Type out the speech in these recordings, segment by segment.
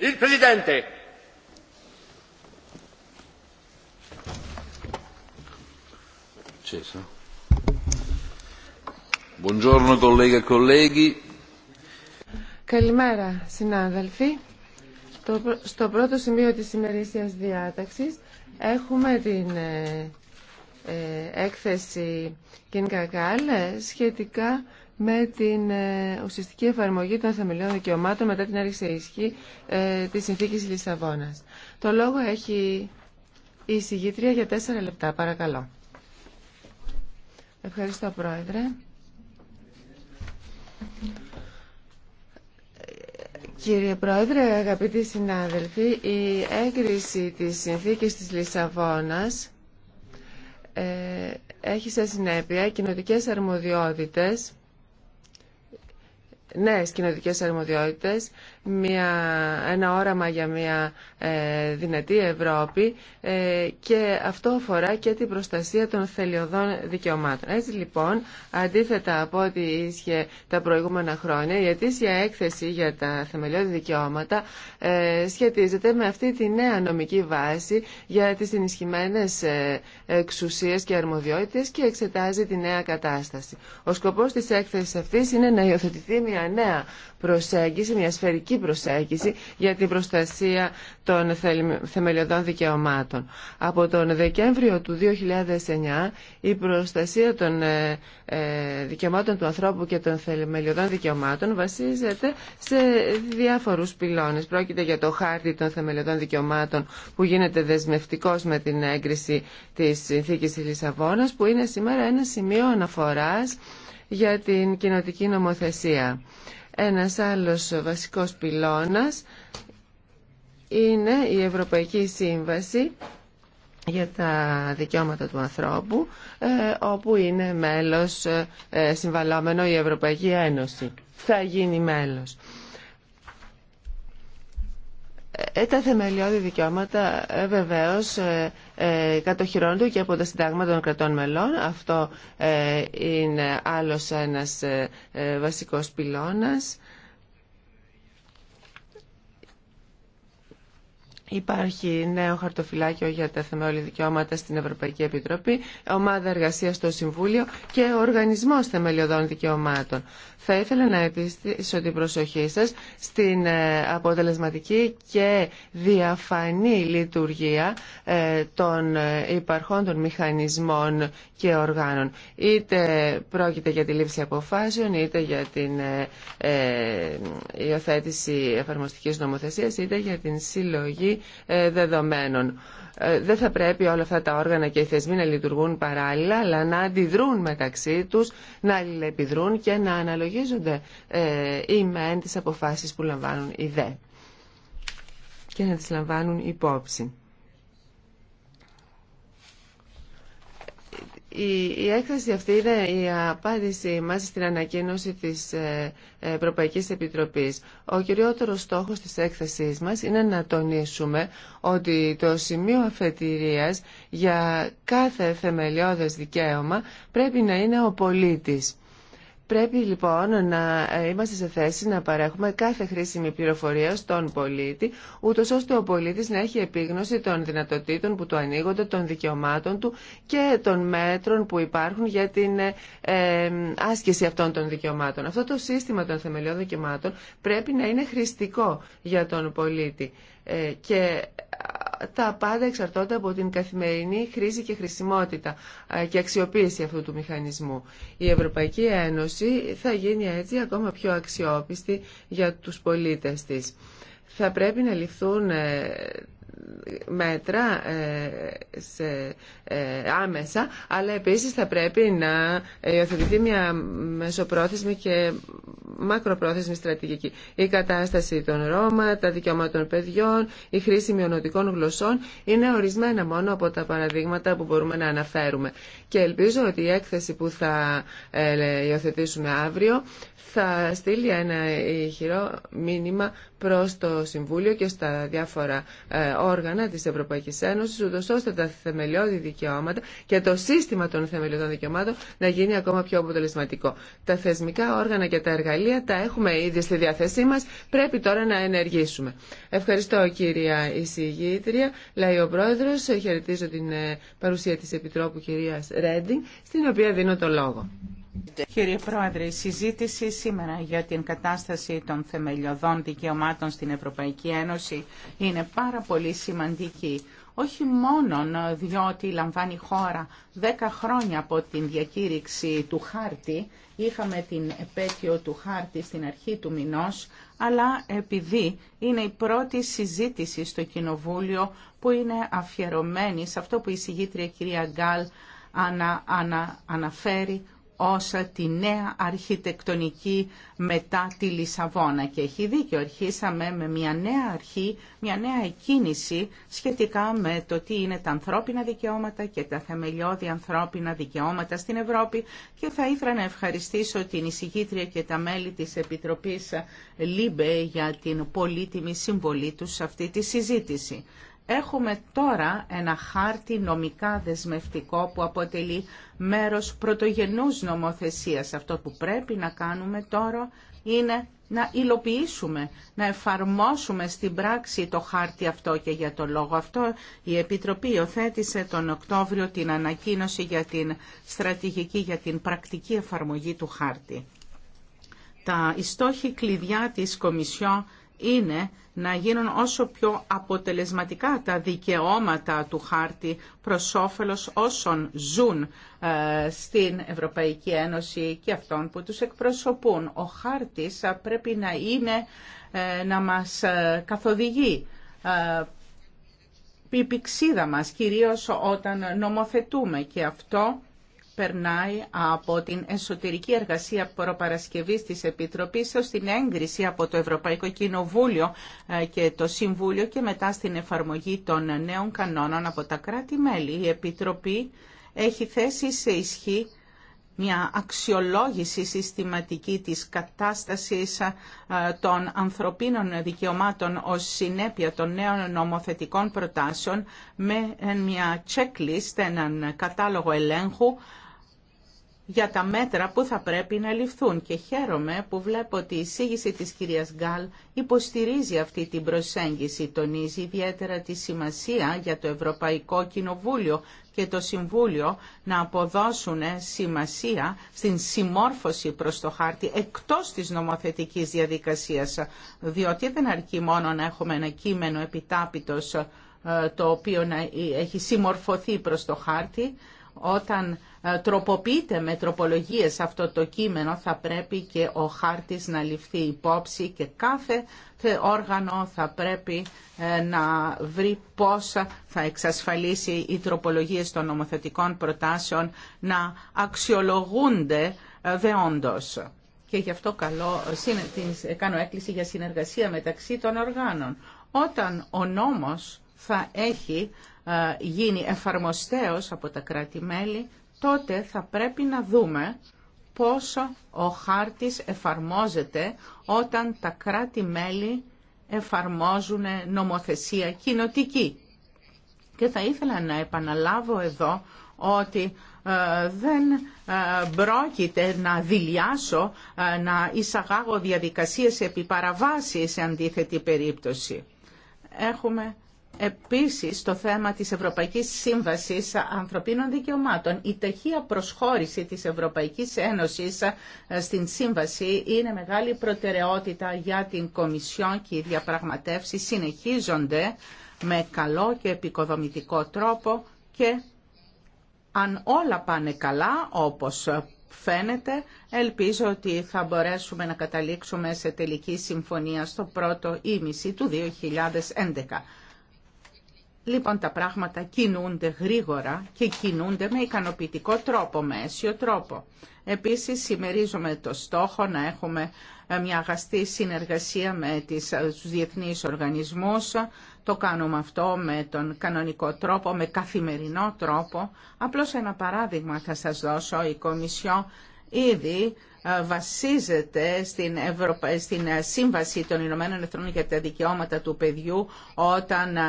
Il Presidente. Buongiorno colleghe e colleghi. Καλημέρα συνάδελφοι. Στο πρώτο σημείο της ημερήσιας διάταξης έχουμε την ε, ε, έκθεση Κιν Κακάλ ε, σχετικά με την ε, ουσιαστική εφαρμογή των θεμελιών δικαιωμάτων μετά την άρχιση ισχύ ε, της Συνθήκης Λισαβόνας. Το λόγο έχει η συγγήτρια για τέσσερα λεπτά. Παρακαλώ. Ευχαριστώ, Πρόεδρε. Κύριε Πρόεδρε, αγαπητοί συνάδελφοι, η έγκριση της συνθήκης της Λισαβόνας ε, έχει σε συνέπεια κοινοτικές αρμοδιότητες νέες κοινωτικές αρμοδιότητες, μια, ένα όραμα για μια ε, δυνατή Ευρώπη ε, και αυτό αφορά και την προστασία των θελειωδών δικαιωμάτων. Έτσι λοιπόν, αντίθετα από ό,τι ίσχυε τα προηγούμενα χρόνια, η αιτήσια έκθεση για τα θεμελιώδη δικαιώματα ε, σχετίζεται με αυτή τη νέα νομική βάση για τις ενισχυμένες εξουσίες και αρμοδιότητες και εξετάζει τη νέα κατάσταση. Ο σκοπός της έκθεσης αυτής είναι να υιοθετηθεί νέα προσέγγιση, μια σφαιρική προσέγγιση για την προστασία των θεμελιωδών δικαιωμάτων. Από τον Δεκέμβριο του 2009 η προστασία των ε, ε, δικαιωμάτων του ανθρώπου και των θεμελιωδών δικαιωμάτων βασίζεται σε διάφορους πυλώνες. Πρόκειται για το χάρτη των θεμελιωδών δικαιωμάτων που γίνεται δεσμευτικός με την έγκριση της Συνθήκης Λισαβόνας που είναι σήμερα ένα σημείο αναφοράς για την κοινοτική νομοθεσία. Ένας άλλος βασικός πυλώνας είναι η Ευρωπαϊκή Σύμβαση για τα δικαιώματα του ανθρώπου, ε, όπου είναι μέλος ε, συμβαλόμενο η Ευρωπαϊκή Ένωση. Θα γίνει μέλος. Ε, τα θεμελιώδη δικαιώματα ε, βεβαίως ε, κατοχυρώνονται και από τα συντάγματα των κρατών μελών. Αυτό είναι άλλος ένας βασικός πυλώνας. Υπάρχει νέο χαρτοφυλάκιο για τα θεμελιώδη δικαιώματα στην Ευρωπαϊκή Επιτροπή, ομάδα εργασία στο Συμβούλιο και οργανισμό θεμελιωδών δικαιωμάτων. Θα ήθελα να επιστήσω την προσοχή σα στην ε, αποτελεσματική και διαφανή λειτουργία ε, των ε, υπαρχών των μηχανισμών και οργάνων. Είτε πρόκειται για τη λήψη αποφάσεων, είτε για την υιοθέτηση εφαρμοστική νομοθεσία, είτε για την συλλογή ε, δεδομένων. Ε, δεν θα πρέπει όλα αυτά τα όργανα και οι θεσμοί να λειτουργούν παράλληλα, αλλά να αντιδρούν μεταξύ τους, να αλληλεπιδρούν και να αναλογίζονται ε, οι μεν τις αποφάσεις που λαμβάνουν οι δε και να τις λαμβάνουν υπόψη. Η, έκθεση αυτή είναι η απάντησή μας στην ανακοίνωση της ε, Ευρωπαϊκής Επιτροπής. Ο κυριότερος στόχος της έκθεσής μας είναι να τονίσουμε ότι το σημείο αφετηρίας για κάθε θεμελιώδες δικαίωμα πρέπει να είναι ο πολίτης. Πρέπει λοιπόν να ε, είμαστε σε θέση να παρέχουμε κάθε χρήσιμη πληροφορία στον πολίτη, ούτως ώστε ο πολίτης να έχει επίγνωση των δυνατοτήτων που του ανοίγονται, των δικαιωμάτων του και των μέτρων που υπάρχουν για την ε, ε, άσκηση αυτών των δικαιωμάτων. Αυτό το σύστημα των θεμελιών δικαιωμάτων πρέπει να είναι χρηστικό για τον πολίτη και τα πάντα εξαρτώνται από την καθημερινή χρήση και χρησιμότητα ε, και αξιοποίηση αυτού του μηχανισμού. Η Ευρωπαϊκή Ένωση θα γίνει έτσι ακόμα πιο αξιόπιστη για τους πολίτες της. Θα πρέπει να ληφθούν ε, μέτρα ε, σε, ε, άμεσα, αλλά επίσης θα πρέπει να υιοθετηθεί μια μεσοπρόθεσμη και μακροπρόθεσμη στρατηγική. Η κατάσταση των Ρώμα, τα δικαιώματα των παιδιών, η χρήση μειονοτικών γλωσσών είναι ορισμένα μόνο από τα παραδείγματα που μπορούμε να αναφέρουμε. Και ελπίζω ότι η έκθεση που θα ε, υιοθετήσουμε αύριο θα στείλει ένα ηχηρό μήνυμα προς το Συμβούλιο και στα διάφορα ε, όργανα της Ευρωπαϊκής Ένωσης, ούτως ώστε τα θεμελιώδη δικαιώματα και το σύστημα των θεμελιωδών δικαιωμάτων να γίνει ακόμα πιο αποτελεσματικό. Τα θεσμικά όργανα και τα εργαλεία τα έχουμε ήδη στη διάθεσή μας, πρέπει τώρα να ενεργήσουμε. Ευχαριστώ κυρία εισηγήτρια, λέει ο Πρόεδρο χαιρετίζω την ε, παρουσία της Επιτρόπου κυρίας Ρέντινγκ, στην οποία δίνω το λόγο. Κύριε Πρόεδρε, η συζήτηση σήμερα για την κατάσταση των θεμελιωδών δικαιωμάτων στην Ευρωπαϊκή Ένωση είναι πάρα πολύ σημαντική. Όχι μόνο διότι λαμβάνει χώρα δέκα χρόνια από την διακήρυξη του χάρτη, είχαμε την επέτειο του χάρτη στην αρχή του μηνός, αλλά επειδή είναι η πρώτη συζήτηση στο Κοινοβούλιο που είναι αφιερωμένη σε αυτό που η συγγήτρια κυρία Γκάλ αναφέρει όσα τη νέα αρχιτεκτονική μετά τη Λισαβόνα. Και έχει δίκιο, αρχίσαμε με μια νέα αρχή, μια νέα εκκίνηση σχετικά με το τι είναι τα ανθρώπινα δικαιώματα και τα θεμελιώδη ανθρώπινα δικαιώματα στην Ευρώπη και θα ήθελα να ευχαριστήσω την εισηγήτρια και τα μέλη της Επιτροπής ΛΥΜΠΕ για την πολύτιμη συμβολή τους σε αυτή τη συζήτηση. Έχουμε τώρα ένα χάρτη νομικά δεσμευτικό που αποτελεί μέρος πρωτογενούς νομοθεσίας. Αυτό που πρέπει να κάνουμε τώρα είναι να υλοποιήσουμε, να εφαρμόσουμε στην πράξη το χάρτη αυτό και για τον λόγο αυτό η Επιτροπή υιοθέτησε τον Οκτώβριο την ανακοίνωση για την στρατηγική, για την πρακτική εφαρμογή του χάρτη. Τα ιστόχη κλειδιά της Κομισιόν είναι να γίνουν όσο πιο αποτελεσματικά τα δικαιώματα του χάρτη προς όφελος όσων ζουν ε, στην Ευρωπαϊκή Ένωση και αυτών που τους εκπροσωπούν. Ο χάρτης πρέπει να είναι ε, να μας ε, καθοδηγεί η πηξίδα μας, κυρίως όταν νομοθετούμε και αυτό περνάει από την εσωτερική εργασία προπαρασκευής της Επιτροπής ως την έγκριση από το Ευρωπαϊκό Κοινοβούλιο ε, και το Συμβούλιο και μετά στην εφαρμογή των νέων κανόνων από τα κράτη-μέλη. Η Επιτροπή έχει θέσει σε ισχύ μια αξιολόγηση συστηματική της κατάστασης ε, των ανθρωπίνων δικαιωμάτων ως συνέπεια των νέων νομοθετικών προτάσεων με ε, μια checklist, έναν κατάλογο ελέγχου για τα μέτρα που θα πρέπει να ληφθούν και χαίρομαι που βλέπω ότι η εισήγηση της κυρίας Γκάλ υποστηρίζει αυτή την προσέγγιση, τονίζει ιδιαίτερα τη σημασία για το Ευρωπαϊκό Κοινοβούλιο και το Συμβούλιο να αποδώσουν σημασία στην συμμόρφωση προς το χάρτη εκτός της νομοθετικής διαδικασίας, διότι δεν αρκεί μόνο να έχουμε ένα κείμενο επιτάπητος ε, το οποίο ε, έχει συμμορφωθεί προς το χάρτη, όταν ε, τροποποιείται με τροπολογίες αυτό το κείμενο θα πρέπει και ο χάρτης να ληφθεί υπόψη και κάθε όργανο θα πρέπει ε, να βρει πώς θα εξασφαλίσει οι τροπολογίες των νομοθετικών προτάσεων να αξιολογούνται ε, δεόντως. Και γι' αυτό καλό κάνω έκκληση για συνεργασία μεταξύ των οργάνων. Όταν ο νόμος θα έχει γίνει εφαρμοστέως από τα κράτη-μέλη, τότε θα πρέπει να δούμε πόσο ο χάρτης εφαρμόζεται όταν τα κράτη-μέλη εφαρμόζουν νομοθεσία κοινοτική. Και θα ήθελα να επαναλάβω εδώ ότι ε, δεν ε, πρόκειται να δηλιάσω ε, να εισαγάγω διαδικασίες επί σε αντίθετη περίπτωση. Έχουμε Επίσης, το θέμα της Ευρωπαϊκής Σύμβασης Ανθρωπίνων Δικαιωμάτων. Η ταχεία προσχώρηση της Ευρωπαϊκής Ένωσης ε, στην Σύμβαση είναι μεγάλη προτεραιότητα για την Κομισιόν και οι διαπραγματεύσει συνεχίζονται με καλό και επικοδομητικό τρόπο και αν όλα πάνε καλά, όπως φαίνεται, ελπίζω ότι θα μπορέσουμε να καταλήξουμε σε τελική συμφωνία στο πρώτο ήμιση του 2011. Λοιπόν, τα πράγματα κινούνται γρήγορα και κινούνται με ικανοποιητικό τρόπο, με αίσιο τρόπο. Επίσης, συμμερίζομαι το στόχο να έχουμε ε, μια αγαστή συνεργασία με τις, ε, τους διεθνείς οργανισμούς. Το κάνουμε αυτό με τον κανονικό τρόπο, με καθημερινό τρόπο. Απλώς ένα παράδειγμα θα σας δώσω. Η Κομισιό ήδη ε, βασίζεται στην, Ευρωπα... στην ε, Σύμβαση των Ηνωμένων Εθνών για τα Δικαιώματα του Παιδιού όταν ε,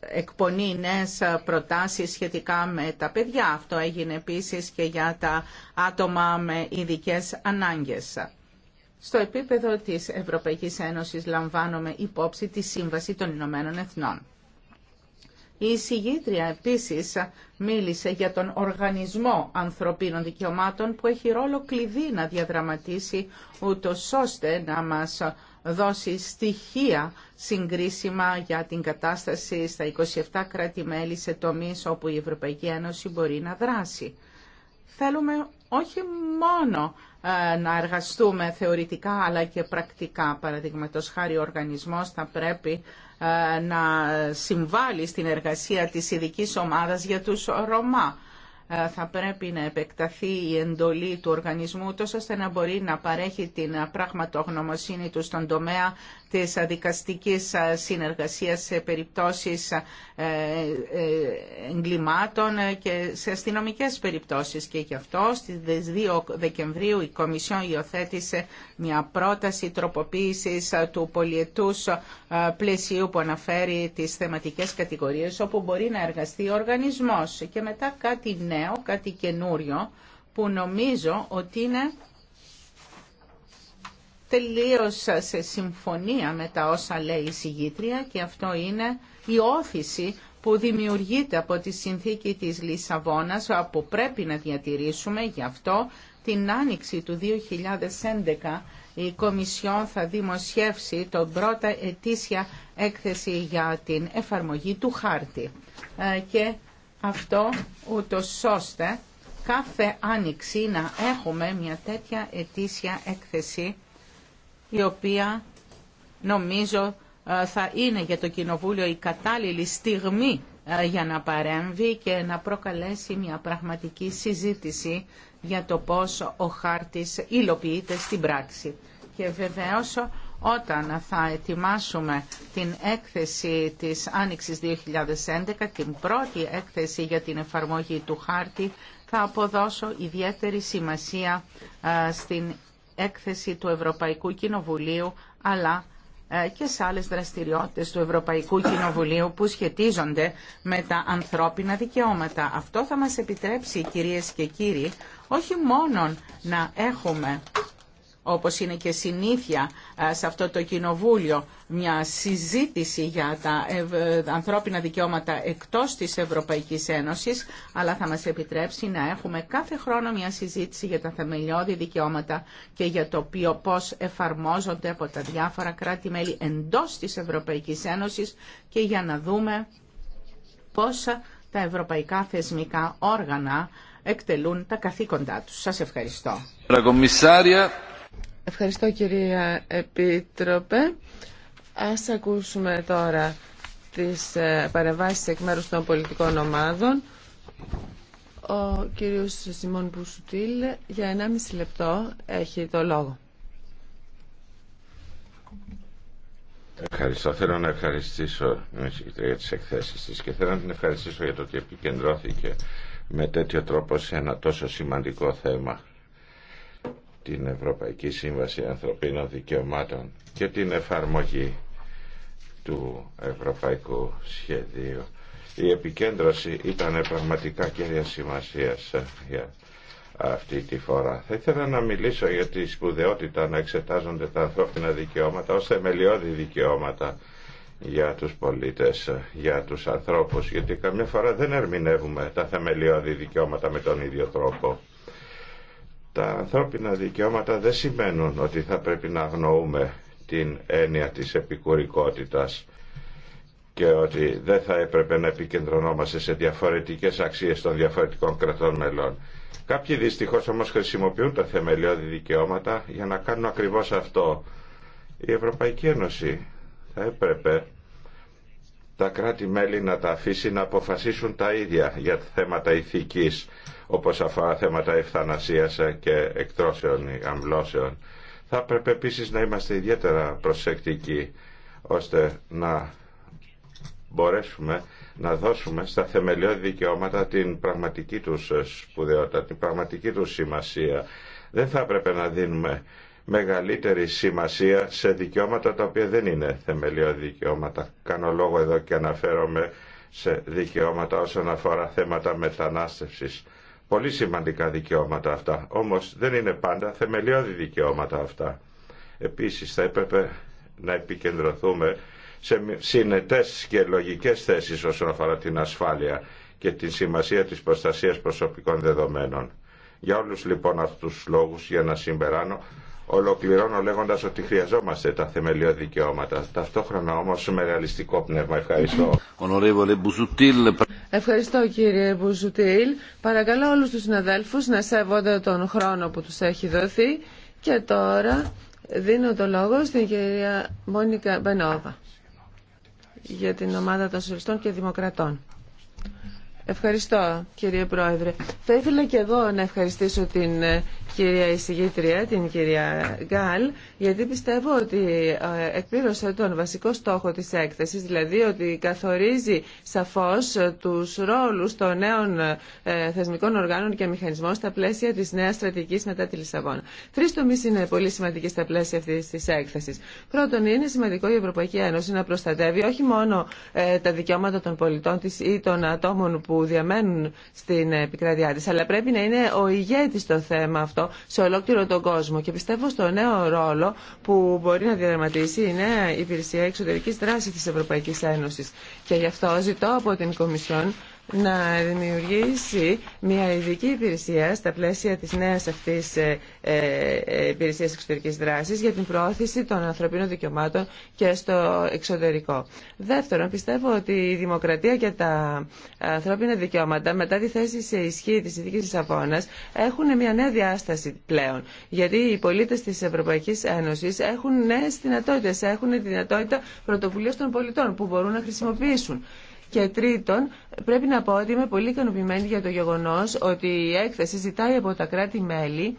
εκπονεί νέε προτάσεις σχετικά με τα παιδιά. Αυτό έγινε επίσης και για τα άτομα με ειδικέ ανάγκες. Στο επίπεδο της Ευρωπαϊκής Ένωσης λαμβάνουμε υπόψη τη Σύμβαση των Ηνωμένων Εθνών. Η εισηγήτρια επίσης μίλησε για τον Οργανισμό Ανθρωπίνων Δικαιωμάτων που έχει ρόλο κλειδί να διαδραματίσει ούτω ώστε να μας δώσει στοιχεία συγκρίσιμα για την κατάσταση στα 27 κράτη-μέλη σε τομείς όπου η Ευρωπαϊκή Ένωση μπορεί να δράσει. Θέλουμε όχι μόνο ε, να εργαστούμε θεωρητικά αλλά και πρακτικά. Παραδείγματος χάρη ο οργανισμός θα πρέπει ε, να συμβάλλει στην εργασία της ειδική ομάδας για τους Ρωμά. Ε, θα πρέπει να επεκταθεί η εντολή του οργανισμού τόσο ώστε να μπορεί να παρέχει την πραγματογνωμοσύνη του στον τομέα της δικαστικής συνεργασίας σε περιπτώσεις ε, ε, εγκλημάτων και σε αστυνομικές περιπτώσεις. Και γι' αυτό στις 2 Δεκεμβρίου η Κομισιόν υιοθέτησε μια πρόταση τροποποίησης του πολιετούς πλαισίου που αναφέρει τις θεματικές κατηγορίες όπου μπορεί να εργαστεί ο οργανισμός. Και μετά κάτι νέο, κάτι καινούριο που νομίζω ότι είναι τελείωσα σε συμφωνία με τα όσα λέει η συγγήτρια και αυτό είναι η όθηση που δημιουργείται από τη συνθήκη της Λισαβόνας που πρέπει να διατηρήσουμε γι' αυτό την άνοιξη του 2011 η Κομισιόν θα δημοσιεύσει τον πρώτα ετήσια έκθεση για την εφαρμογή του χάρτη ε, και αυτό ούτω ώστε κάθε άνοιξη να έχουμε μια τέτοια ετήσια έκθεση η οποία νομίζω ε, θα είναι για το Κοινοβούλιο η κατάλληλη στιγμή ε, για να παρέμβει και να προκαλέσει μια πραγματική συζήτηση για το πώς ο χάρτης υλοποιείται στην πράξη. Και βεβαίως όταν θα ετοιμάσουμε την έκθεση της Άνοιξης 2011, την πρώτη έκθεση για την εφαρμογή του χάρτη, θα αποδώσω ιδιαίτερη σημασία ε, στην έκθεση του Ευρωπαϊκού Κοινοβουλίου αλλά ε, και σε άλλες δραστηριότητες του Ευρωπαϊκού Κοινοβουλίου που σχετίζονται με τα ανθρώπινα δικαιώματα. Αυτό θα μας επιτρέψει, κυρίες και κύριοι, όχι μόνο να έχουμε όπως είναι και συνήθεια ε, σε αυτό το κοινοβούλιο, μια συζήτηση για τα ε, ανθρώπινα δικαιώματα εκτός της Ευρωπαϊκής Ένωσης, αλλά θα μας επιτρέψει να έχουμε κάθε χρόνο μια συζήτηση για τα θεμελιώδη δικαιώματα και για το ποιο πώς εφαρμόζονται από τα διάφορα κράτη-μέλη εντός της Ευρωπαϊκής Ένωσης και για να δούμε πώς τα ευρωπαϊκά θεσμικά όργανα εκτελούν τα καθήκοντά τους. Σας ευχαριστώ. Ευχαριστώ κυρία Επίτροπε. Ας ακούσουμε τώρα τις ε, παρεμβάσεις εκ μέρους των πολιτικών ομάδων. Ο κύριος Σιμών Πουσουτήλ για 1,5 λεπτό έχει το λόγο. Ευχαριστώ. Θέλω να ευχαριστήσω για τις εκθέσεις της και θέλω να την ευχαριστήσω για το ότι επικεντρώθηκε με τέτοιο τρόπο σε ένα τόσο σημαντικό θέμα την Ευρωπαϊκή Σύμβαση Ανθρωπίνων Δικαιωμάτων και την εφαρμογή του Ευρωπαϊκού Σχεδίου. Η επικέντρωση ήταν πραγματικά κέρια σημασία για αυτή τη φορά. Θα ήθελα να μιλήσω για τη σπουδαιότητα να εξετάζονται τα ανθρώπινα δικαιώματα ως θεμελιώδη δικαιώματα για τους πολίτες, για τους ανθρώπους, γιατί καμιά φορά δεν ερμηνεύουμε τα θεμελιώδη δικαιώματα με τον ίδιο τρόπο. Τα ανθρώπινα δικαιώματα δεν σημαίνουν ότι θα πρέπει να αγνοούμε την έννοια της επικουρικότητας και ότι δεν θα έπρεπε να επικεντρωνόμαστε σε διαφορετικές αξίες των διαφορετικών κρατών μελών. Κάποιοι δυστυχώς όμως χρησιμοποιούν τα θεμελιώδη δικαιώματα για να κάνουν ακριβώς αυτό. Η Ευρωπαϊκή Ένωση θα έπρεπε τα κράτη-μέλη να τα αφήσει να αποφασίσουν τα ίδια για θέματα ηθικής, όπως αφορά θέματα ευθανασίας και εκτρώσεων ή αμβλώσεων. Θα έπρεπε επίσης να είμαστε ιδιαίτερα προσεκτικοί, ώστε να μπορέσουμε να δώσουμε στα θεμελιώδη δικαιώματα την πραγματική τους σπουδαιότητα, την πραγματική τους σημασία. Δεν θα έπρεπε να δίνουμε μεγαλύτερη σημασία σε δικαιώματα τα οποία δεν είναι θεμελιώδη δικαιώματα. Κάνω λόγο εδώ και αναφέρομαι σε δικαιώματα όσον αφορά θέματα μετανάστευσης. Πολύ σημαντικά δικαιώματα αυτά, όμως δεν είναι πάντα θεμελιώδη δικαιώματα αυτά. Επίσης θα έπρεπε να επικεντρωθούμε σε συνετές και λογικές θέσεις όσον αφορά την ασφάλεια και την σημασία της προστασίας προσωπικών δεδομένων. Για όλους λοιπόν αυτούς τους λόγους, για να συμπεράνω, Ολοκληρώνω λέγοντα ότι χρειαζόμαστε τα θεμελιώδη δικαιώματα. Ταυτόχρονα όμω με ρεαλιστικό πνεύμα. Ευχαριστώ. Ευχαριστώ κύριε Μπουζουτήλ. Παρακαλώ όλου του συναδέλφου να σέβονται τον χρόνο που του έχει δοθεί. Και τώρα δίνω το λόγο στην κυρία Μόνικα Μπενόβα για την ομάδα των Σοριστών και Δημοκρατών. Ευχαριστώ κύριε Πρόεδρε. Θα ήθελα και εγώ να ευχαριστήσω την ε, κυρία εισηγήτρια, την κυρία Γκάλ, γιατί πιστεύω ότι ε, εκπλήρωσε τον βασικό στόχο της έκθεσης, δηλαδή ότι καθορίζει σαφώς ε, τους ρόλους των νέων ε, θεσμικών οργάνων και μηχανισμών στα πλαίσια της νέας στρατηγικής μετά τη Λισαβόνα. Τρεις τομείς είναι πολύ σημαντικοί στα πλαίσια αυτής της έκθεσης. Πρώτον, είναι σημαντικό η Ευρωπαϊκή Ένωση να προστατεύει όχι μόνο τα δικαιώματα των πολιτών της ή των ατόμων που διαμένουν στην επικράτειά τη. αλλά πρέπει να είναι ο ηγέτη στο θέμα αυτό σε ολόκληρο τον κόσμο. Και πιστεύω στο νέο ρόλο που μπορεί να διαδραματίσει η νέα υπηρεσία εξωτερική δράση τη Ευρωπαϊκή Ένωση. Και γι' αυτό ζητώ από την Κομισιόν να δημιουργήσει μια ειδική υπηρεσία στα πλαίσια της νέας αυτής ε, ε, υπηρεσίας εξωτερικής δράσης για την προώθηση των ανθρωπίνων δικαιωμάτων και στο εξωτερικό. Δεύτερον, πιστεύω ότι η δημοκρατία και τα ανθρώπινα δικαιώματα μετά τη θέση σε ισχύ της Ειδικής Αφώνας έχουν μια νέα διάσταση πλέον. Γιατί οι πολίτες της Ευρωπαϊκής Ένωσης έχουν νέες δυνατότητες, έχουν τη δυνατότητα πρωτοβουλίας των πολιτών που μπορούν να χρησιμοποιήσουν. Και τρίτον, πρέπει να πω ότι είμαι πολύ ικανοποιημένη για το γεγονός ότι η έκθεση ζητάει από τα κράτη-μέλη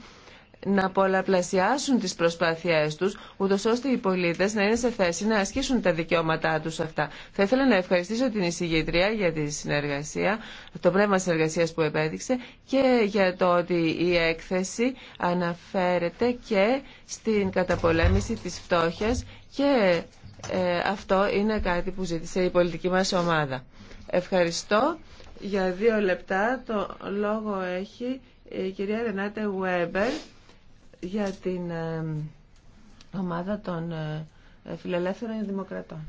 να πολλαπλασιάσουν τις προσπάθειές τους, ούτω ώστε οι πολίτες να είναι σε θέση να ασκήσουν τα δικαιώματά τους αυτά. Θα ήθελα να ευχαριστήσω την εισηγήτρια για τη συνεργασία, το πνεύμα συνεργασίας που επέδειξε και για το ότι η έκθεση αναφέρεται και στην καταπολέμηση της φτώχειας και ε, αυτό είναι κάτι που ζήτησε η πολιτική μας ομάδα. Ευχαριστώ. Για δύο λεπτά το λόγο έχει η κυρία Ρενάτε Βέμπερ για την ε, ομάδα των ε, φιλελεύθερων δημοκρατών.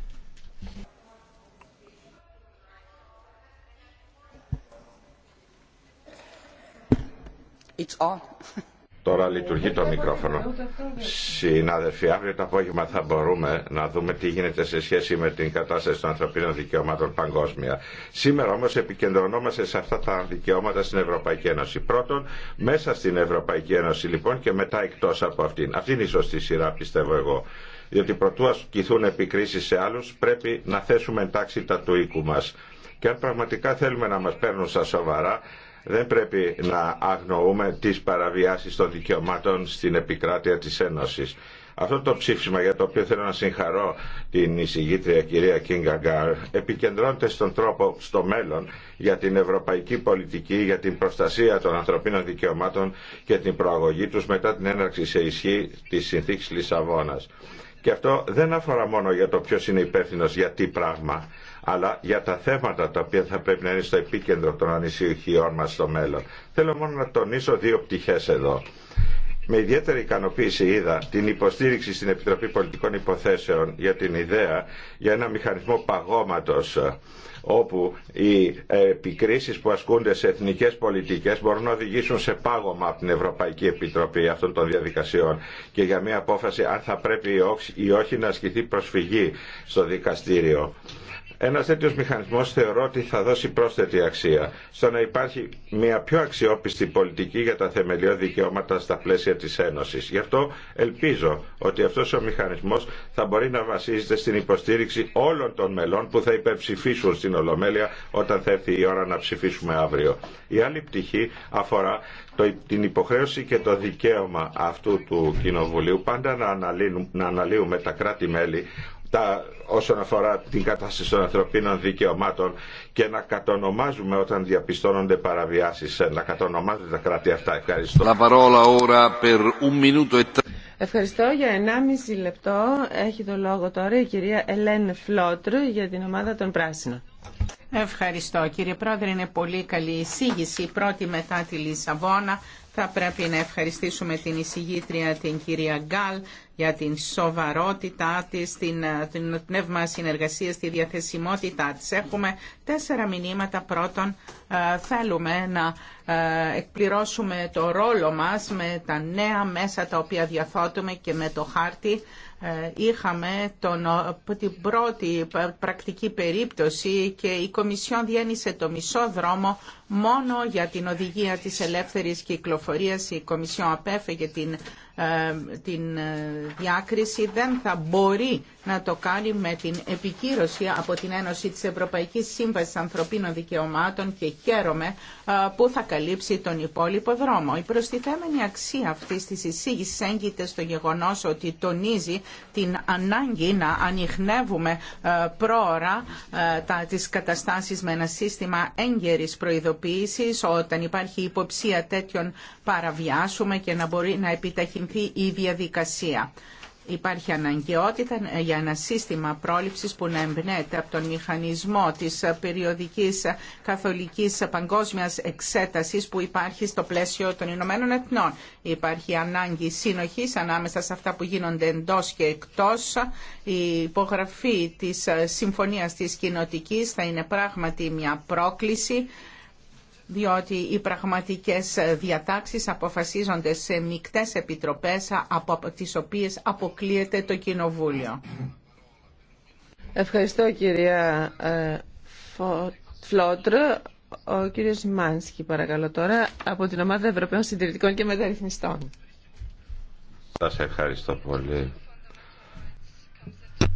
It's on. Τώρα λειτουργεί το μικρόφωνο. Συναδελφοί, αύριο το απόγευμα θα μπορούμε να δούμε τι γίνεται σε σχέση με την κατάσταση των ανθρωπίνων δικαιωμάτων παγκόσμια. Σήμερα όμω επικεντρωνόμαστε σε αυτά τα δικαιώματα στην Ευρωπαϊκή Ένωση. Πρώτον, μέσα στην Ευρωπαϊκή Ένωση λοιπόν και μετά εκτό από αυτήν. Αυτή είναι η σωστή σειρά πιστεύω εγώ διότι προτού ασκηθούν επικρίσεις σε άλλου, πρέπει να θέσουμε εντάξει τα του οίκου μα Και αν πραγματικά θέλουμε να μα παίρνουν στα σοβαρά δεν πρέπει να αγνοούμε τις παραβιάσεις των δικαιωμάτων στην επικράτεια της Ένωσης. Αυτό το ψήφισμα για το οποίο θέλω να συγχαρώ την εισηγήτρια κυρία Κινγκαγκάρ επικεντρώνεται στον τρόπο στο μέλλον για την ευρωπαϊκή πολιτική, για την προστασία των ανθρωπίνων δικαιωμάτων και την προαγωγή τους μετά την έναρξη σε ισχύ της συνθήκης Λισαβόνας. Και αυτό δεν αφορά μόνο για το ποιος είναι υπεύθυνο για τι πράγμα, αλλά για τα θέματα τα οποία θα πρέπει να είναι στο επίκεντρο των ανησυχιών μας στο μέλλον. Θέλω μόνο να τονίσω δύο πτυχές εδώ. Με ιδιαίτερη ικανοποίηση είδα την υποστήριξη στην Επιτροπή Πολιτικών Υποθέσεων για την ιδέα για ένα μηχανισμό παγώματος όπου οι ε, επικρίσεις που ασκούνται σε εθνικές πολιτικές μπορούν να οδηγήσουν σε πάγωμα από την Ευρωπαϊκή Επιτροπή αυτών των διαδικασιών και για μια απόφαση αν θα πρέπει ή όχι να ασκηθεί προσφυγή στο δικαστήριο. Ένα τέτοιο μηχανισμό θεωρώ ότι θα δώσει πρόσθετη αξία στο να υπάρχει μια πιο αξιόπιστη πολιτική για τα θεμελιώδη δικαιώματα στα πλαίσια τη Ένωση. Γι' αυτό ελπίζω ότι αυτό ο μηχανισμό θα μπορεί να βασίζεται στην υποστήριξη όλων των μελών που θα υπερψηφίσουν στην Ολομέλεια όταν θα έρθει η ώρα να ψηφίσουμε αύριο. Η άλλη πτυχή αφορά την υποχρέωση και το δικαίωμα αυτού του Κοινοβουλίου πάντα να, να αναλύουμε τα κράτη-μέλη όσον αφορά την κατάσταση των ανθρωπίνων δικαιωμάτων και να κατονομάζουμε όταν διαπιστώνονται παραβιάσεις, να κατονομάζονται τα κράτη αυτά. Ευχαριστώ. La parola ora per un e Ευχαριστώ για 1,5 λεπτό. Έχει το λόγο τώρα η κυρία Ελέν Φλότρ για την ομάδα των Πράσινων. Ευχαριστώ κύριε Πρόεδρε, είναι πολύ καλή εισήγηση, πρώτη μετά τη Λισαβόνα θα πρέπει να ευχαριστήσουμε την εισηγήτρια την κυρία Γκάλ για την σοβαρότητά της, την, την πνεύμα συνεργασίας, τη διαθεσιμότητά της. Έχουμε τέσσερα μηνύματα. Πρώτον, ε, θέλουμε να ε, εκπληρώσουμε το ρόλο μας με τα νέα μέσα τα οποία διαθέτουμε και με το χάρτη ε, είχαμε τον, την πρώτη πρακτική περίπτωση και η Κομισιόν διένυσε το μισό δρόμο μόνο για την οδηγία της ελεύθερης κυκλοφορίας η Κομισιόν απέφεγε την, ε, την ε, διάκριση δεν θα μπορεί να το κάνει με την επικύρωση από την Ένωση της Ευρωπαϊκής Σύμβασης Ανθρωπίνων Δικαιωμάτων και χαίρομαι ε, που θα καλύψει τον υπόλοιπο δρόμο. Η προστιθέμενη αξία αυτής της εισήγησης έγκυται στο γεγονός ότι τονίζει την ανάγκη να ανοιχνεύουμε πρόωρα τα, τις καταστάσεις με ένα σύστημα έγκαιρης προειδοποίησης όταν υπάρχει υποψία τέτοιων παραβιάσουμε και να μπορεί να επιταχυνθεί η διαδικασία. Υπάρχει αναγκαιότητα για ένα σύστημα πρόληψης που να εμπνέεται από τον μηχανισμό της περιοδικής καθολικής παγκόσμιας εξέτασης που υπάρχει στο πλαίσιο των Ηνωμένων Εθνών. Υπάρχει ανάγκη σύνοχης ανάμεσα σε αυτά που γίνονται εντός και εκτός. Η υπογραφή της Συμφωνίας της Κοινοτικής θα είναι πράγματι μια πρόκληση διότι οι πραγματικές διατάξεις αποφασίζονται σε μικτές επιτροπές από τις οποίες αποκλείεται το Κοινοβούλιο. Ευχαριστώ κυρία ε, Φλότρ. Ο κύριος Μάνσκι παρακαλώ τώρα από την Ομάδα Ευρωπαίων Συντηρητικών και Μεταρρυθμιστών. Σας ευχαριστώ πολύ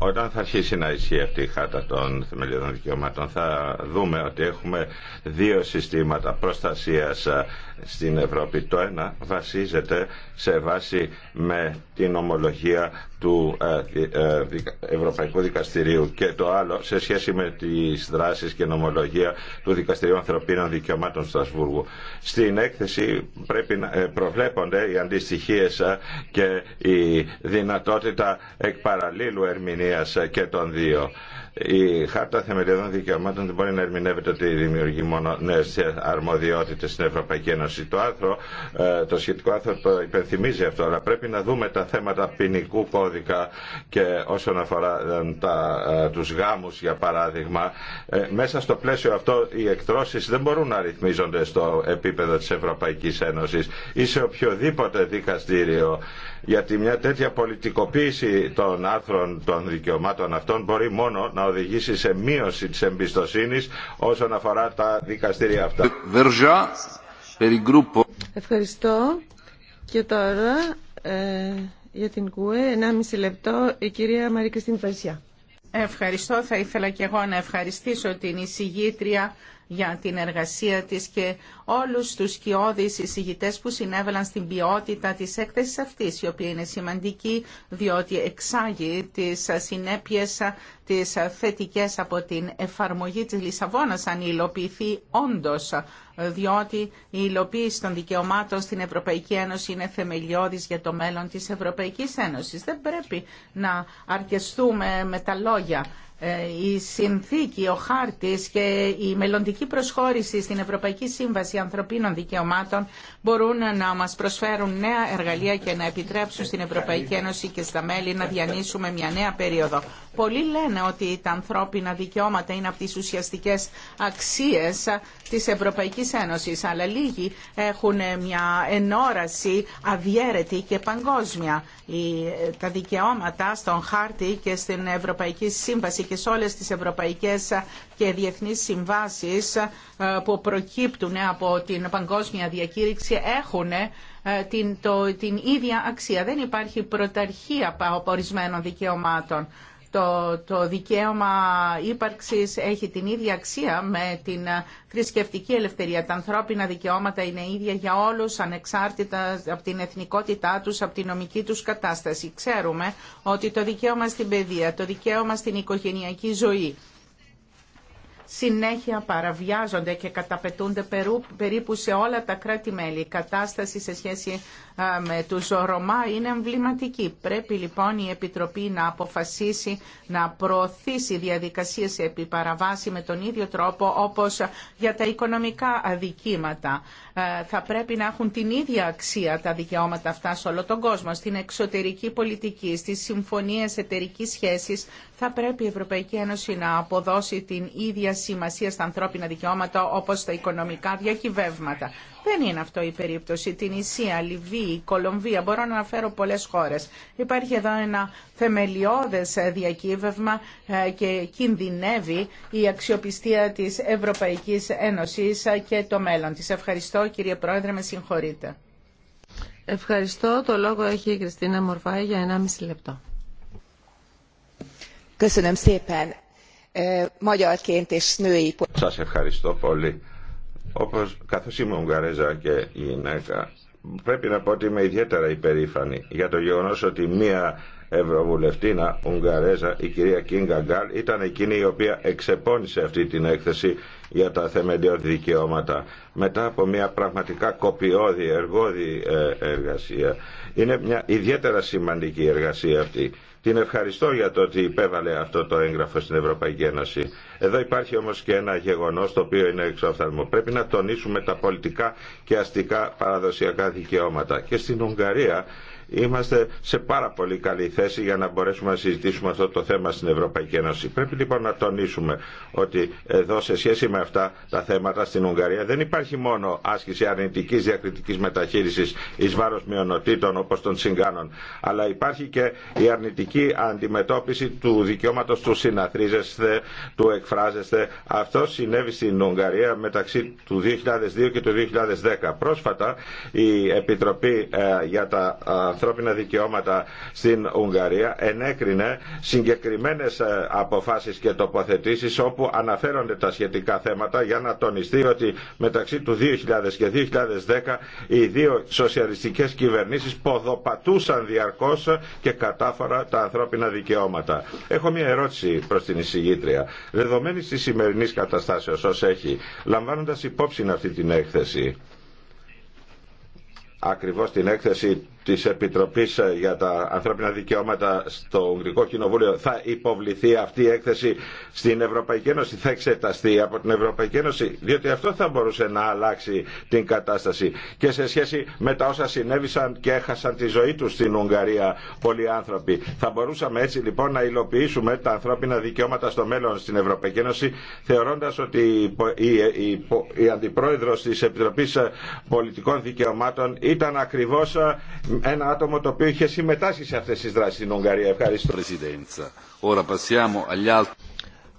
όταν θα αρχίσει να ισχύει αυτή η χάρτα των θεμελιωδών δικαιωμάτων θα δούμε ότι έχουμε δύο συστήματα προστασίας στην Ευρώπη. Το ένα βασίζεται σε βάση με την ομολογία του ε, ε, Ευρωπαϊκού Δικαστηρίου και το άλλο σε σχέση με τις δράσεις και νομολογία του Δικαστηρίου Ανθρωπίνων Δικαιωμάτων Στρασβούργου. Στην έκθεση πρέπει να ε, προβλέπονται οι αντιστοιχίες και η δυνατότητα εκ ερμηνείας και των δύο η Χάρτα Θεμελιωδών Δικαιωμάτων δεν μπορεί να ερμηνεύεται ότι δημιουργεί μόνο νέε αρμοδιότητε στην Ευρωπαϊκή Ένωση. Το, άρθρο, ε, το σχετικό άρθρο το υπενθυμίζει αυτό, αλλά πρέπει να δούμε τα θέματα ποινικού κώδικα και όσον αφορά ε, τα, ε, τους γάμους για παράδειγμα. Μέσα στο πλαίσιο αυτό οι εκτρώσεις δεν μπορούν να ρυθμίζονται στο επίπεδο της Ευρωπαϊκής Ένωσης ή σε οποιοδήποτε δικαστήριο γιατί μια τέτοια πολιτικοποίηση των άρθρων των δικαιωμάτων αυτών μπορεί μόνο να οδηγήσει σε μείωση της εμπιστοσύνης όσον αφορά τα δικαστήρια αυτά. Ευχαριστώ. Και τώρα ε, για την ΚΟΕ, 1,5 λεπτό, η κυρία Μαρή Κριστίν Ευχαριστώ. Θα ήθελα και εγώ να ευχαριστήσω την εισηγήτρια για την εργασία της και όλους τους σκιώδεις εισηγητές που συνέβαλαν στην ποιότητα της έκθεσης αυτής, η οποία είναι σημαντική διότι εξάγει τις συνέπειες τις θετικές από την εφαρμογή της Λισαβόνας αν υλοποιηθεί όντως, διότι η υλοποίηση των δικαιωμάτων στην Ευρωπαϊκή Ένωση είναι θεμελιώδης για το μέλλον της Ευρωπαϊκής Ένωσης. Δεν πρέπει να αρκεστούμε με τα λόγια. Ε, η συνθήκη, ο χάρτης και η μελλοντική προσχώρηση στην Ευρωπαϊκή Σύμβαση Ανθρωπίνων Δικαιωμάτων μπορούν να μας προσφέρουν νέα εργαλεία και να επιτρέψουν στην Ευρωπαϊκή Ένωση και στα μέλη να διανύσουμε μια νέα περίοδο. Πολλοί λένε ότι τα ανθρώπινα δικαιώματα είναι από τις ουσιαστικές αξίες της Ευρωπαϊκής Ένωσης, αλλά λίγοι έχουν μια ενόραση αδιέρετη και παγκόσμια. Τα δικαιώματα στον χάρτη και στην Ευρωπαϊκή Σύμβαση και σε όλες τις ευρωπαϊκές και διεθνείς συμβάσεις ε, που προκύπτουν από την παγκόσμια διακήρυξη έχουν ε, την, το, την ίδια αξία. Δεν υπάρχει πρωταρχία ορισμένων δικαιωμάτων το, το δικαίωμα ύπαρξης έχει την ίδια αξία με την θρησκευτική ελευθερία. Τα ανθρώπινα δικαιώματα είναι ίδια για όλους, ανεξάρτητα από την εθνικότητά τους, από την νομική τους κατάσταση. Ξέρουμε ότι το δικαίωμα στην παιδεία, το δικαίωμα στην οικογενειακή ζωή, συνέχεια παραβιάζονται και καταπετούνται περίπου σε όλα τα κράτη-μέλη. Η κατάσταση σε σχέση με τους Ρωμά είναι εμβληματική. Πρέπει λοιπόν η Επιτροπή να αποφασίσει να προωθήσει διαδικασίες επί παραβάση με τον ίδιο τρόπο όπως για τα οικονομικά αδικήματα. Θα πρέπει να έχουν την ίδια αξία τα δικαιώματα αυτά σε όλο τον κόσμο, στην εξωτερική πολιτική, στις συμφωνίες εταιρικής σχέσης. Θα πρέπει η Ευρωπαϊκή Ένωση να αποδώσει την ίδια σημασία στα ανθρώπινα δικαιώματα όπως τα οικονομικά διακυβεύματα. Δεν είναι αυτό η περίπτωση. Την Ισία, Λιβύη, Κολομβία, μπορώ να αναφέρω πολλές χώρες. Υπάρχει εδώ ένα θεμελιώδες ε, διακύβευμα ε, και κινδυνεύει η αξιοπιστία της Ευρωπαϊκής Ένωσης ε, και το μέλλον της. Ευχαριστώ κύριε Πρόεδρε, με συγχωρείτε. Ευχαριστώ. Το λόγο έχει η Κριστίνα Μορφάη για 1,5 λεπτό. Ε, magyarként Σας ευχαριστώ πολύ. Όπως καθώς είμαι Ουγγαρέζα και γυναίκα, πρέπει να πω ότι είμαι ιδιαίτερα υπερήφανη για το γεγονός ότι μία Ευρωβουλευτήνα Ουγγαρέζα, η κυρία Κίνγκα Γκάλ, ήταν εκείνη η οποία εξεπώνησε αυτή την έκθεση για τα θεμελιώδη δικαιώματα μετά από μια πραγματικά κοπιώδη, εργώδη ε, εργασία. Είναι μια ιδιαίτερα σημαντική εργασία αυτή την ευχαριστώ για το ότι υπέβαλε αυτό το έγγραφο στην Ευρωπαϊκή Ένωση. Εδώ υπάρχει όμως και ένα γεγονός το οποίο είναι εξόφθαλμο. Πρέπει να τονίσουμε τα πολιτικά και αστικά παραδοσιακά δικαιώματα. Και στην Ουγγαρία είμαστε σε πάρα πολύ καλή θέση για να μπορέσουμε να συζητήσουμε αυτό το θέμα στην Ευρωπαϊκή Ένωση. Πρέπει λοιπόν να τονίσουμε ότι εδώ σε σχέση με αυτά τα θέματα στην Ουγγαρία δεν υπάρχει μόνο άσκηση αρνητική διακριτική μεταχείριση ει βάρο μειονοτήτων όπω των συγκάνων. αλλά υπάρχει και η αρνητική αντιμετώπιση του δικαιώματο του συναθρίζεσθε, του εκφράζεστε. Αυτό συνέβη στην Ουγγαρία μεταξύ του 2002 και του 2010. Πρόσφατα η Επιτροπή ε, για τα ανθρώπινα δικαιώματα στην Ουγγαρία ενέκρινε συγκεκριμένες ε, αποφάσεις και τοποθετήσεις όπου αναφέρονται τα σχετικά θέματα για να τονιστεί ότι μεταξύ του 2000 και 2010 οι δύο σοσιαλιστικές κυβερνήσεις ποδοπατούσαν διαρκώς και κατάφορα τα ανθρώπινα δικαιώματα. Έχω μια ερώτηση προς την εισηγήτρια. Δεδομένη τη σημερινή καταστάσεως ως έχει, λαμβάνοντας υπόψη αυτή την έκθεση, ακριβώς την έκθεση Τη Επιτροπή ε, για τα Ανθρώπινα Δικαιώματα στο Ουγγρικό Κοινοβούλιο θα υποβληθεί αυτή η έκθεση στην Ευρωπαϊκή Ένωση, θα εξεταστεί από την Ευρωπαϊκή Ένωση, διότι αυτό θα μπορούσε να αλλάξει την κατάσταση και σε σχέση με τα όσα συνέβησαν και έχασαν τη ζωή του στην Ουγγαρία πολλοί άνθρωποι. Θα μπορούσαμε έτσι λοιπόν να υλοποιήσουμε τα ανθρώπινα δικαιώματα στο μέλλον στην Ευρωπαϊκή Ένωση, θεωρώντας ότι η, η, η, η Πολιτικών Δικαιωμάτων ήταν ακριβώ. Ε, ένα άτομο το οποίο είχε συμμετάσχει σε αυτές τις δράσεις στην Ουγγαρία. Ευχαριστώ.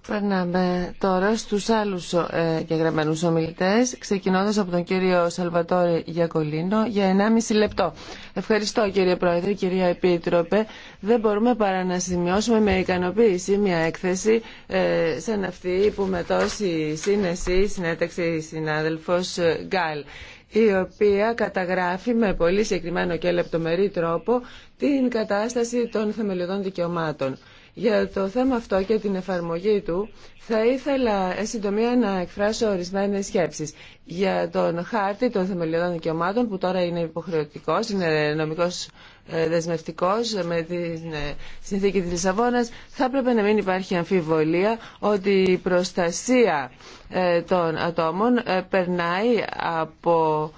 Περνάμε τώρα στους άλλους ε, γεγραμμένους ομιλητές, ξεκινώντας από τον κύριο Σαλβατόρη Γιακολίνο για 1,5 λεπτό. Ευχαριστώ κύριε Πρόεδρε, κυρία Επίτροπε. Δεν μπορούμε παρά να σημειώσουμε με ικανοποίηση μια έκθεση ε, σαν αυτή που με τόση σύνεση συνέταξε η συνάδελφος Γκάλ η οποία καταγράφει με πολύ συγκεκριμένο και λεπτομερή τρόπο την κατάσταση των θεμελιωδών δικαιωμάτων. Για το θέμα αυτό και την εφαρμογή του θα ήθελα συντομία να εκφράσω ορισμένες σκέψεις. Για τον χάρτη των θεμελιωδών δικαιωμάτων που τώρα είναι υποχρεωτικός, είναι νομικός ε, δεσμευτικός με τη ε, συνθήκη της Λισαβόνας, θα έπρεπε να μην υπάρχει αμφιβολία ότι η προστασία ε, των ατόμων περνάει από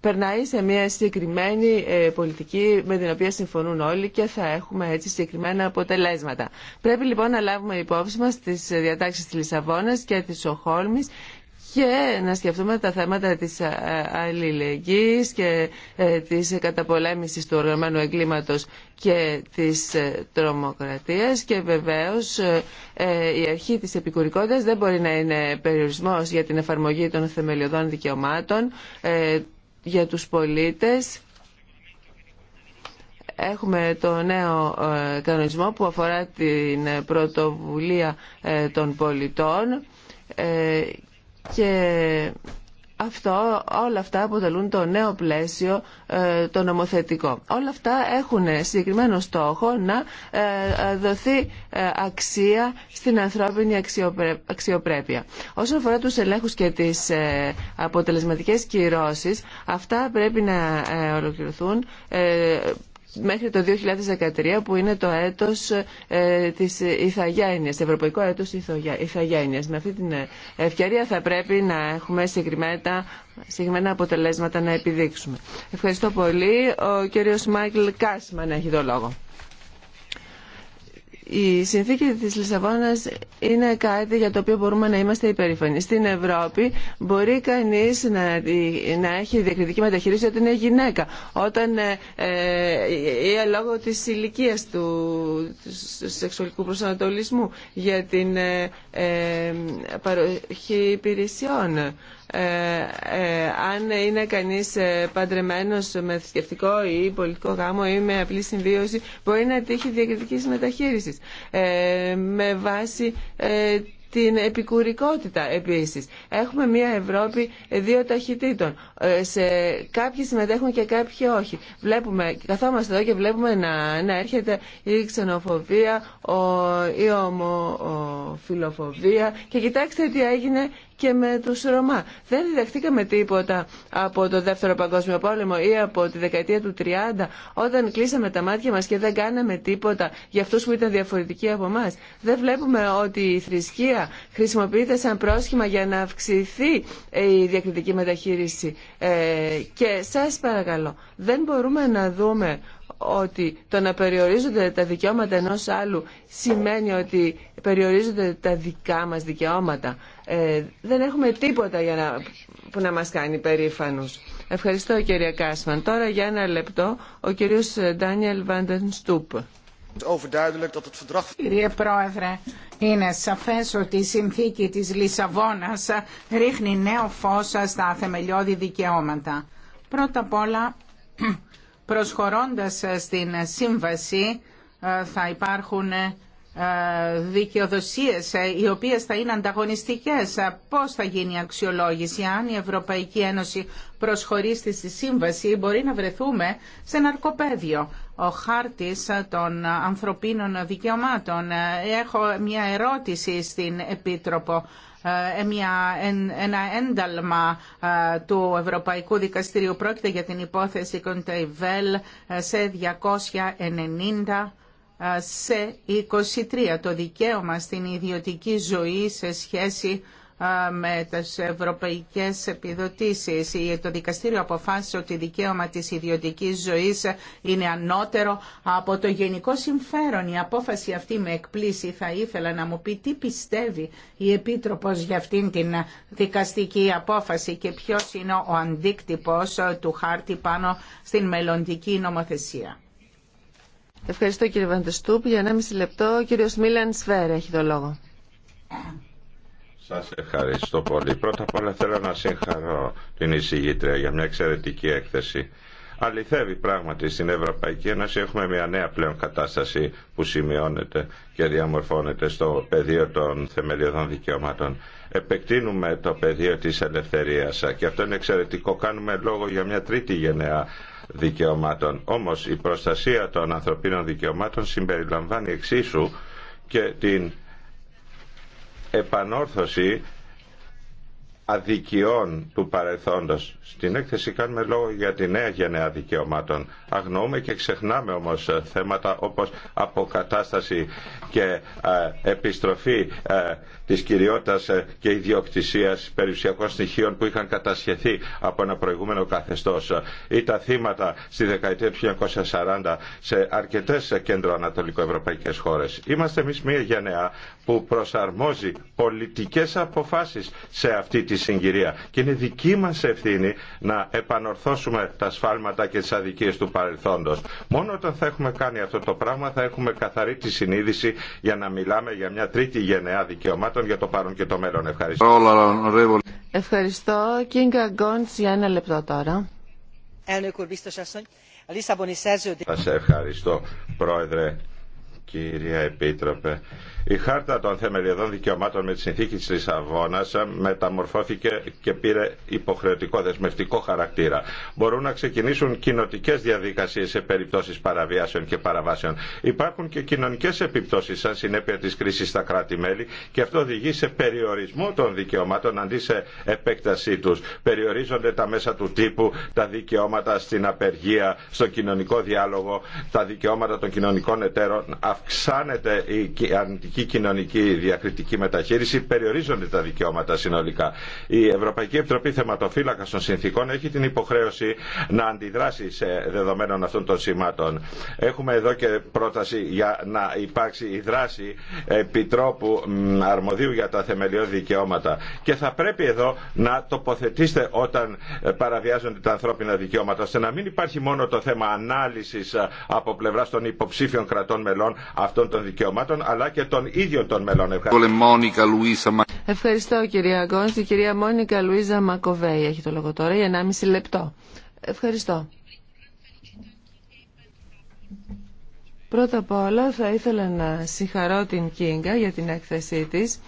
περνάει σε μια συγκεκριμένη ε, πολιτική με την οποία συμφωνούν όλοι και θα έχουμε έτσι συγκεκριμένα αποτελέσματα. Πρέπει λοιπόν να λάβουμε υπόψη μας τις διατάξεις της Λισαβόνας και της Οχόλμης και να σκεφτούμε τα θέματα της ε, αλληλεγγύης και ε, της καταπολέμησης του οργανωμένου εγκλήματος και της τρομοκρατίας και βεβαίως η αρχή της επικουρικότητας δεν μπορεί να είναι περιορισμός για την εφαρμογή των θεμελιωδών δικαιωμάτων για τους πολίτες. Έχουμε το νέο ε, κανονισμό που αφορά την ε, πρωτοβουλία ε, των πολιτών και αυτό, όλα αυτά αποτελούν το νέο πλαίσιο, ε, το νομοθετικό. Όλα αυτά έχουν συγκεκριμένο στόχο να ε, δοθεί ε, αξία στην ανθρώπινη αξιοπρέπεια. Όσον αφορά τους ελέγχους και τις αποτελεσματικές κυρώσεις, αυτά πρέπει να ολοκληρωθούν μέχρι το 2013 που είναι το έτος ε, της ηθαγένειας, ευρωπαϊκό έτος ηθαγένειας. Με αυτή την ε, ευκαιρία θα πρέπει να έχουμε συγκεκριμένα, συγκεκριμένα αποτελέσματα να επιδείξουμε. Ευχαριστώ πολύ. Ο κύριος Μάικλ Κάσμαν έχει το λόγο. Η συνθήκη της Λισαβόνας είναι κάτι για το οποίο μπορούμε να είμαστε υπερήφανοι. Στην Ευρώπη μπορεί κανείς να, έχει διακριτική μεταχείριση ότι είναι γυναίκα. Όταν ε, ε, ε λόγω της ηλικία του, του σεξουαλικού προσανατολισμού για την ε, ε παροχή υπηρεσιών ε, ε, αν είναι κανείς ε, παντρεμένος με θρησκευτικό ή πολιτικό γάμο ή με απλή συμβίωση μπορεί να τύχει διακριτικη μεταχείρισης με βάση την επικουρικότητα επίσης. Έχουμε μια Ευρώπη δύο ταχυτήτων. σε, κάποιοι συμμετέχουν και κάποιοι όχι. Βλέπουμε, καθόμαστε εδώ και βλέπουμε να, να έρχεται η ξενοφοβία, ο, η ομοφιλοφοβία και κοιτάξτε τι έγινε και με τους Ρωμά. Δεν διδαχτήκαμε τίποτα από το Δεύτερο Παγκόσμιο Πόλεμο ή από τη δεκαετία του 30 όταν κλείσαμε τα μάτια μας και δεν κάναμε τίποτα για αυτούς που ήταν διαφορετικοί από εμά. Δεν βλέπουμε ότι η θρησκεία χρησιμοποιείται σαν πρόσχημα για να αυξηθεί ε, η διακριτική μεταχείριση. Ε, και σας παρακαλώ, δεν μπορούμε να δούμε ότι το να περιορίζονται τα δικαιώματα ενός άλλου σημαίνει ότι περιορίζονται τα δικά μας δικαιώματα. Ε, δεν έχουμε τίποτα για να, που να μας κάνει περήφανους. Ευχαριστώ κύριε Κάσμαν. Τώρα για ένα λεπτό ο κύριος Ντάνιελ Βαντενστούπ. Κύριε Πρόεδρε, είναι σαφές ότι η συνθήκη της Λισαβόνας ρίχνει νέο φως στα θεμελιώδη δικαιώματα. Πρώτα απ' όλα προσχωρώντας ε, στην σύμβαση ε, θα υπάρχουν ε, δικαιοδοσίες οι οποίες θα είναι ανταγωνιστικές. Πώς θα γίνει η αξιολόγηση αν η Ευρωπαϊκή Ένωση προσχωρήσει στη σύμβαση μπορεί να βρεθούμε σε ναρκοπέδιο. Ο χάρτης των ανθρωπίνων δικαιωμάτων. Έχω μια ερώτηση στην Επίτροπο. Ε, ένα ένταλμα ε, του Ευρωπαϊκού Δικαστηρίου. Πρόκειται για την υπόθεση Κονταϊβέλ ε, σε 290 σε 23 το δικαίωμα στην ιδιωτική ζωή σε σχέση με τις ευρωπαϊκές επιδοτήσεις. Το δικαστήριο αποφάσισε ότι δικαίωμα της ιδιωτικής ζωής είναι ανώτερο από το γενικό συμφέρον. Η απόφαση αυτή με εκπλήσει. Θα ήθελα να μου πει τι πιστεύει η Επίτροπος για αυτήν την δικαστική απόφαση και ποιος είναι ο αντίκτυπος του χάρτη πάνω στην μελλοντική νομοθεσία. Ευχαριστώ κύριε Βαντεστούπ. Για 1,5 λεπτό ο κύριος Μίλαν Σβέρ έχει το λόγο. Σας ευχαριστώ πολύ. Πρώτα απ' όλα θέλω να συγχαρώ την εισηγήτρια για μια εξαιρετική έκθεση. Αληθεύει πράγματι στην Ευρωπαϊκή Ένωση έχουμε μια νέα πλέον κατάσταση που σημειώνεται και διαμορφώνεται στο πεδίο των θεμελιωδών δικαιωμάτων. Επεκτείνουμε το πεδίο της ελευθερίας και αυτό είναι εξαιρετικό. Κάνουμε λόγο για μια τρίτη γενναία δικαιωμάτων. Όμως η προστασία των ανθρωπίνων δικαιωμάτων συμπεριλαμβάνει εξίσου και την επανόρθωση αδικιών του παρελθόντος. Στην έκθεση κάνουμε λόγο για τη νέα γενεά δικαιωμάτων. Αγνοούμε και ξεχνάμε όμως ε, θέματα όπως αποκατάσταση και ε, επιστροφή ε, της κυριότητας και ιδιοκτησίας περιουσιακών στοιχείων που είχαν κατασχεθεί από ένα προηγούμενο καθεστώς ή τα θύματα στη δεκαετία του 1940 σε αρκετές κέντρο-ανατολικοευρωπαϊκές χώρες. Είμαστε εμείς μια που προσαρμόζει πολιτικές αποφάσεις σε αυτή τη συγκυρία. Και είναι δική μας ευθύνη να επανορθώσουμε τα σφάλματα και τις αδικίες του παρελθόντος. Μόνο όταν θα έχουμε κάνει αυτό το πράγμα θα έχουμε καθαρή τη συνείδηση για να μιλάμε για μια τρίτη γενεά δικαιωμάτων για το παρόν και το μέλλον. Ευχαριστώ. Ευχαριστώ. Κίνγκα Γκόντς για ένα λεπτό τώρα. Σας ευχαριστώ, Πρόεδρε, κύριε Επίτροπε. Η χάρτα των θεμελιωδών δικαιωμάτων με τη συνθήκη της Λισαβόνα ε, μεταμορφώθηκε και πήρε υποχρεωτικό δεσμευτικό χαρακτήρα. Μπορούν να ξεκινήσουν κοινοτικέ διαδικασίε σε περιπτώσει παραβιάσεων και παραβάσεων. Υπάρχουν και κοινωνικέ επιπτώσει σαν συνέπεια τη κρίση στα κράτη-μέλη και αυτό οδηγεί σε περιορισμό των δικαιωμάτων αντί σε επέκτασή του, Περιορίζονται τα μέσα του τύπου, τα δικαιώματα στην απεργία, στο κοινωνικό διάλογο, τα δικαιώματα των κοινωνικών εταίρων. Αυξάνεται η κοινωνική διακριτική μεταχείριση περιορίζονται τα δικαιώματα συνολικά. Η Ευρωπαϊκή Επιτροπή Θεματοφύλακα των Συνθήκων έχει την υποχρέωση να αντιδράσει σε δεδομένων αυτών των σημάτων. Έχουμε εδώ και πρόταση για να υπάρξει η δράση επιτρόπου αρμοδίου για τα θεμελιώδη δικαιώματα. Και θα πρέπει εδώ να τοποθετήσετε όταν ε, παραβιάζονται τα ανθρώπινα δικαιώματα, ώστε να μην υπάρχει μόνο το θέμα ανάλυση ε, από πλευρά των υποψήφιων κρατών μελών αυτών των δικαιωμάτων, αλλά και των Ευχαριστώ, κυρία Γκόνς. Η κυρία Μόνικα Λουίζα Μακοβέη έχει το λόγο τώρα για 1,5 λεπτό. Ευχαριστώ. Πρώτα απ' όλα θα ήθελα να συγχαρώ την Κίνγκα για την έκθεσή της.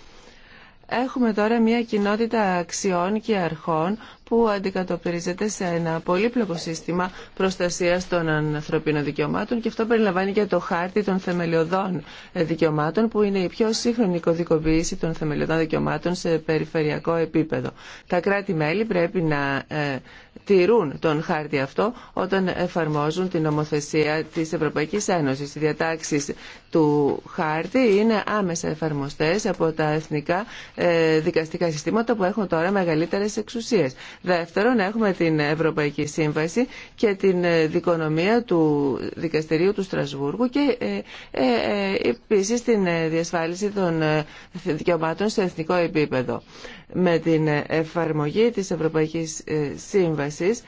Έχουμε τώρα μια κοινότητα αξιών και αρχών που αντικατοπτρίζεται σε ένα πολύπλοκο σύστημα προστασία των ανθρωπίνων δικαιωμάτων και αυτό περιλαμβάνει και το χάρτη των θεμελιωδών δικαιωμάτων που είναι η πιο σύγχρονη κωδικοποίηση των θεμελιωδών δικαιωμάτων σε περιφερειακό επίπεδο. Τα κράτη-μέλη πρέπει να ε, τηρούν τον χάρτη αυτό όταν εφαρμόζουν την νομοθεσία τη Ευρωπαϊκή Ένωση. Οι διατάξει του χάρτη είναι άμεσα εφαρμοστέ από τα εθνικά ε, δικαστικά συστήματα που έχουν τώρα μεγαλύτερε εξουσίε. Δεύτερον, έχουμε την Ευρωπαϊκή Σύμβαση και την ε, δικονομία του Δικαστηρίου του Στρασβούργου και ε, ε, επίση την διασφάλιση των δικαιωμάτων σε εθνικό επίπεδο. Με την εφαρμογή της Ευρωπαϊκής Σύμβασης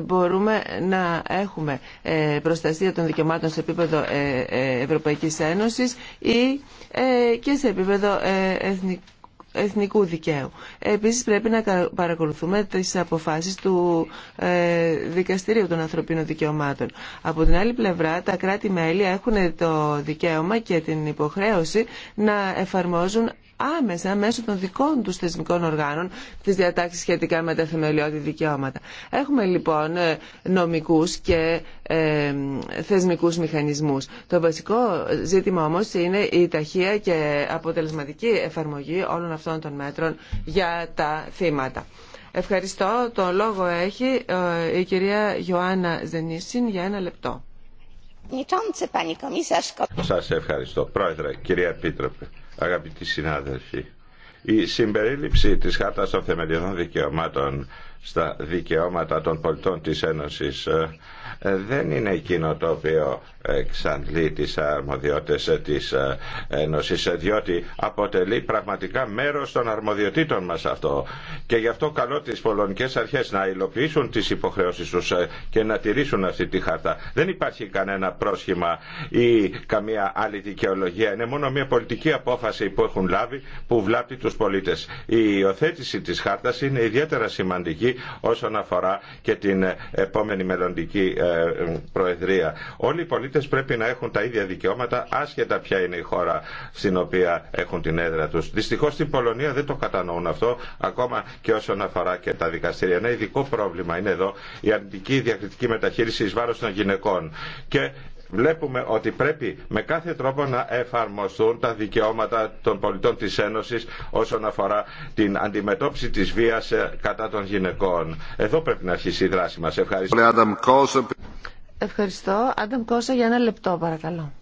μπορούμε να έχουμε προστασία των δικαιωμάτων σε επίπεδο Ευρωπαϊκής Ένωσης ή και σε επίπεδο εθνικού εθνικού δικαίου. Επίσης πρέπει να παρακολουθούμε τις αποφάσεις του ε, Δικαστηρίου των Ανθρωπίνων Δικαιωμάτων. Από την άλλη πλευρά τα κράτη-μέλη έχουν το δικαίωμα και την υποχρέωση να εφαρμόζουν άμεσα μέσω των δικών του θεσμικών οργάνων τι διατάξεις σχετικά με τα θεμελιώδη δικαιώματα. Έχουμε λοιπόν ε, νομικούς και ε, θεσμικούς μηχανισμούς. Το βασικό ζήτημα όμω είναι η ταχεία και αποτελεσματική εφαρμογή όλων αυτών των μέτρων για τα θύματα. Ευχαριστώ. Το λόγο έχει ε, η κυρία Ιωάννα Ζενίσιν για ένα λεπτό. Σας ευχαριστώ. Πρόεδρε, κυρία Επίτροπε αγαπητοί συνάδελφοι. Η συμπερίληψη της Χάρτας των Θεμελιωδών Δικαιωμάτων στα δικαιώματα των πολιτών της Ένωσης ε, ε, δεν είναι εκείνο το οποίο εξαντλεί τις αρμοδιότητες της ε, Ένωσης ε, διότι αποτελεί πραγματικά μέρος των αρμοδιοτήτων μας αυτό και γι' αυτό καλώ τις πολωνικές αρχές να υλοποιήσουν τις υποχρεώσεις τους και να τηρήσουν αυτή τη χαρτά. Δεν υπάρχει κανένα πρόσχημα ή καμία άλλη δικαιολογία. Είναι μόνο μια πολιτική απόφαση που έχουν λάβει που βλάπτει τους πολίτες. Η υιοθέτηση της χάρτας είναι ιδιαίτερα σημαντική όσον αφορά και την επόμενη μελλοντική ε, προεδρία. Όλοι οι πολίτες πρέπει να έχουν τα ίδια δικαιώματα άσχετα ποια είναι η χώρα στην οποία έχουν την έδρα τους. Δυστυχώς στην Πολωνία δεν το κατανοούν αυτό ακόμα και όσον αφορά και τα δικαστήρια. Ένα ειδικό πρόβλημα είναι εδώ η αρνητική διακριτική μεταχείριση εις βάρος των γυναικών βλέπουμε ότι πρέπει με κάθε τρόπο να εφαρμοστούν τα δικαιώματα των πολιτών της Ένωσης όσον αφορά την αντιμετώπιση της βίας ε, κατά των γυναικών. Εδώ πρέπει να αρχίσει η δράση μας. Ευχαριστώ. Ευχαριστώ. Άνταμ Κώσα για ένα λεπτό παρακαλώ.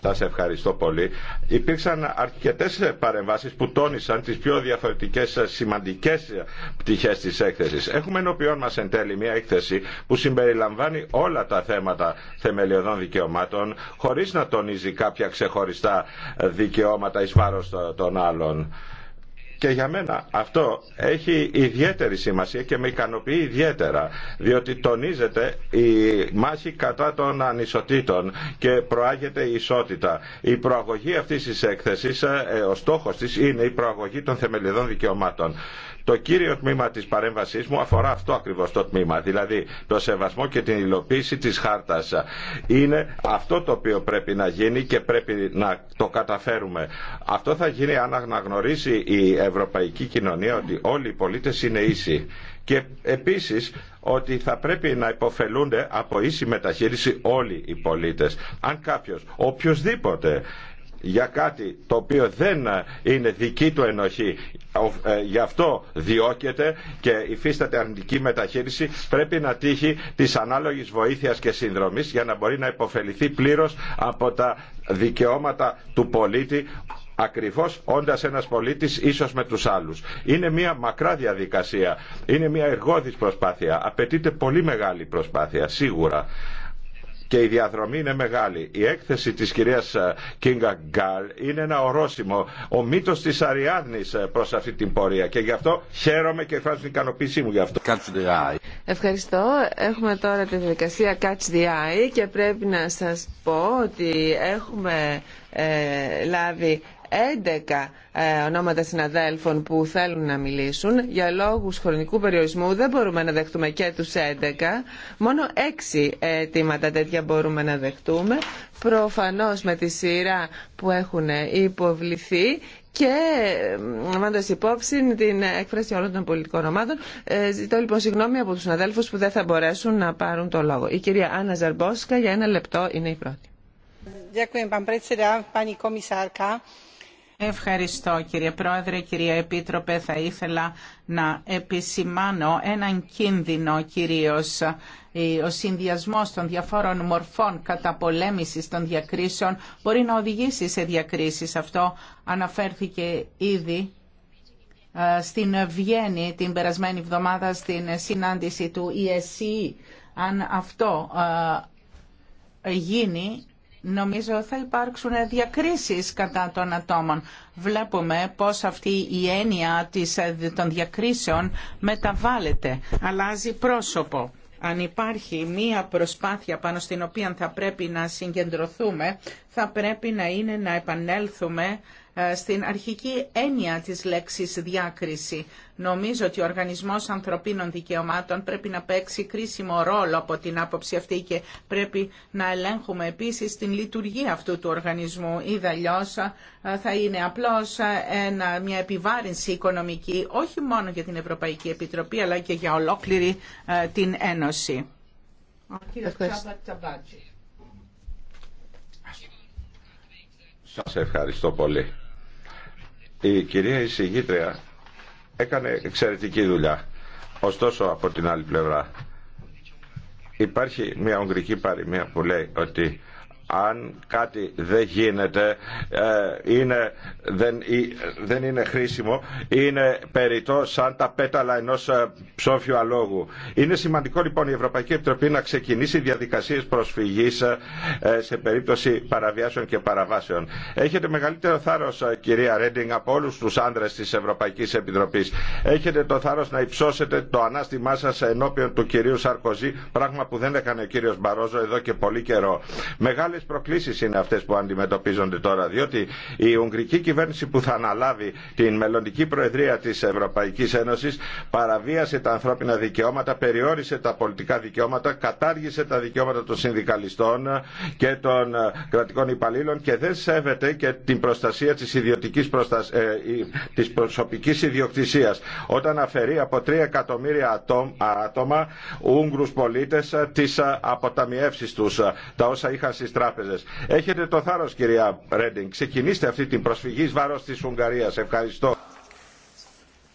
Σας ευχαριστώ πολύ. Υπήρξαν αρκετές παρεμβάσεις που τόνισαν τις πιο διαφορετικές ε, σημαντικές ε, πτυχές της έκθεσης. Έχουμε ενώπιόν μας εν τέλει μια έκθεση που συμπεριλαμβάνει όλα τα θέματα θεμελιωδών δικαιωμάτων χωρίς να τονίζει κάποια ξεχωριστά ε, δικαιώματα εις βάρος των άλλων. Και για μένα αυτό έχει ιδιαίτερη σημασία και με ικανοποιεί ιδιαίτερα, διότι τονίζεται η μάχη κατά των ανισοτήτων και προάγεται η ισότητα. Η προαγωγή αυτής της έκθεσης, ε, ο στόχος της είναι η προαγωγή των θεμελιδών δικαιωμάτων. Το κύριο τμήμα της παρέμβασής μου αφορά αυτό ακριβώς το τμήμα, δηλαδή το σεβασμό και την υλοποίηση της χάρτας. Είναι αυτό το οποίο πρέπει να γίνει και πρέπει να το καταφέρουμε. Αυτό θα γίνει αν αναγνωρίσει η ευρωπαϊκή κοινωνία ότι όλοι οι πολίτες είναι ίσοι. Και επίσης ότι θα πρέπει να υποφελούνται από ίση μεταχείριση όλοι οι πολίτες. Αν κάποιος, οποιοδήποτε, για κάτι το οποίο δεν είναι δική του ενοχή ε, γι' αυτό διώκεται και υφίσταται αρνητική μεταχείριση πρέπει να τύχει της ανάλογης βοήθειας και συνδρομής για να μπορεί να υποφεληθεί πλήρως από τα δικαιώματα του πολίτη ακριβώς όντας ένας πολίτης ίσως με τους άλλους. Είναι μια μακρά διαδικασία, είναι μια εργόδης προσπάθεια, απαιτείται πολύ μεγάλη προσπάθεια σίγουρα και η διαδρομή είναι μεγάλη. Η έκθεση της κυρίας ε, Κίνγκα Γκάλ είναι ένα ορόσημο, ο μύτος της Αριάδνης ε, προς αυτή την πορεία και γι' αυτό χαίρομαι και εκφράζω την ικανοποίησή μου γι' αυτό. Ευχαριστώ. Έχουμε τώρα τη διαδικασία Catch the Eye και πρέπει να σας πω ότι έχουμε ε, λάβει 11 ε, ονόματα συναδέλφων που θέλουν να μιλήσουν. Για λόγους χρονικού περιορισμού δεν μπορούμε να δεχτούμε και τους 11. Μόνο 6 αιτήματα τέτοια μπορούμε να δεχτούμε. Προφανώς με τη σειρά που έχουν υποβληθεί και ε, λαμβάνοντα υπόψη την έκφραση όλων των πολιτικών ομάδων, ε, ζητώ λοιπόν συγγνώμη από του συναδέλφου που δεν θα μπορέσουν να πάρουν το λόγο. Η κυρία Άννα Ζαρμπόσκα για ένα λεπτό είναι η πρώτη. Ευχαριστώ κύριε Πρόεδρε, κυρία Επίτροπε. Θα ήθελα να επισημάνω έναν κίνδυνο κυρίως ε, ο συνδυασμός των διαφόρων μορφών καταπολέμησης των διακρίσεων μπορεί να οδηγήσει σε διακρίσεις. Αυτό αναφέρθηκε ήδη ε, στην Βιέννη την περασμένη εβδομάδα στην συνάντηση του ESC. Αν αυτό ε, γίνει νομίζω θα υπάρξουν διακρίσεις κατά των ατόμων. Βλέπουμε πως αυτή η έννοια των διακρίσεων μεταβάλλεται, αλλάζει πρόσωπο. Αν υπάρχει μία προσπάθεια πάνω στην οποία θα πρέπει να συγκεντρωθούμε, θα πρέπει να είναι να επανέλθουμε ε, στην αρχική έννοια της λέξης διάκριση. Νομίζω ότι ο Οργανισμός Ανθρωπίνων Δικαιωμάτων πρέπει να παίξει κρίσιμο ρόλο από την άποψη αυτή και πρέπει να ελέγχουμε επίσης την λειτουργία αυτού του οργανισμού. Ή αλλιώς ε, θα είναι απλώς ε, ένα, μια επιβάρυνση οικονομική όχι μόνο για την Ευρωπαϊκή Επιτροπή αλλά και για ολόκληρη την Ένωση. Σας ευχαριστώ πολύ. Η κυρία εισηγήτρια έκανε εξαιρετική δουλειά. Ωστόσο από την άλλη πλευρά υπάρχει μια ουγγρική παροιμία που λέει ότι αν κάτι δεν γίνεται, ε, είναι, δεν, δεν είναι χρήσιμο, είναι περιττό σαν τα πέταλα ενός ε, ψόφιου αλόγου. Είναι σημαντικό λοιπόν η Ευρωπαϊκή Επιτροπή να ξεκινήσει διαδικασίες προσφυγής ε, σε περίπτωση παραβιάσεων και παραβάσεων. Έχετε μεγαλύτερο θάρρος κυρία Ρέντινγκ από όλους τους άνδρες της Ευρωπαϊκής Επιτροπής. Έχετε το θάρρος να υψώσετε το ανάστημά σας ενώπιον του κυρίου Σαρκοζή, πράγμα που δεν έκανε ο κύριος Μπαρόζο εδώ και πολύ καιρό. Μεγάλη μεγάλες προκλήσεις είναι αυτές που αντιμετωπίζονται τώρα, διότι η Ουγγρική κυβέρνηση που θα αναλάβει την μελλοντική προεδρία της Ευρωπαϊκής Ένωσης παραβίασε τα ανθρώπινα δικαιώματα, περιόρισε τα πολιτικά δικαιώματα, κατάργησε τα δικαιώματα των συνδικαλιστών και των κρατικών υπαλλήλων και δεν σέβεται και την προστασία της, ιδιωτικής προστασ... Ε, της προσωπικής ιδιοκτησίας. Όταν αφαιρεί από 3 εκατομμύρια άτομα Ούγγρους πολίτες ε, τις ε, αποταμιεύσεις τους, τα όσα είχαν στις Έχετε το θάρρος κυρία Ρέντινγκ. Ξεκινήστε αυτή την προσφυγή βάρο βάρος της Ευχαριστώ.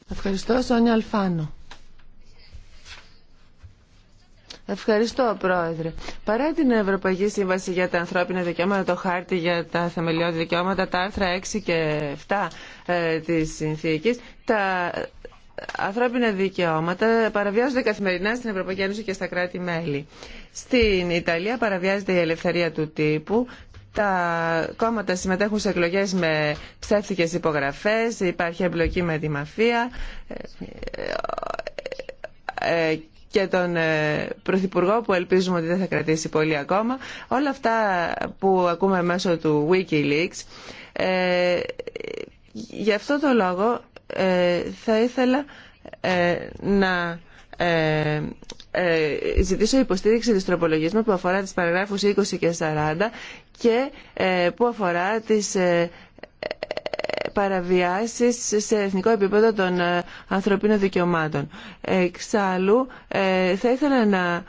Ευχαριστώ Σόνια Αλφάνο. Ευχαριστώ, Πρόεδρε. Παρά την Ευρωπαϊκή Σύμβαση για τα Ανθρώπινα Δικαιώματα, το χάρτη για τα θεμελιώδη δικαιώματα, τα άρθρα 6 και 7 ε, της συνθήκης, τα ανθρώπινα δικαιώματα παραβιάζονται καθημερινά στην Ευρωπαϊκή Ένωση και στα κράτη-μέλη. Στην Ιταλία παραβιάζεται η ελευθερία του τύπου, τα κόμματα συμμετέχουν σε εκλογές με ψεύτικες υπογραφέ, υπάρχει εμπλοκή με τη μαφία ε, ε, ε, και τον Πρωθυπουργό που ελπίζουμε ότι δεν θα κρατήσει πολύ ακόμα. Όλα αυτά που ακούμε μέσω του Wikileaks. Γι' αυτό το λόγο ε, θα ήθελα ε, να ε, ζητήσω υποστήριξη της τροπολογίας που αφορά τις παραγράφους 20 και 40 και που αφορά τις παραβιάσεις σε εθνικό επίπεδο των ανθρωπίνων δικαιωμάτων. Εξάλλου, θα ήθελα να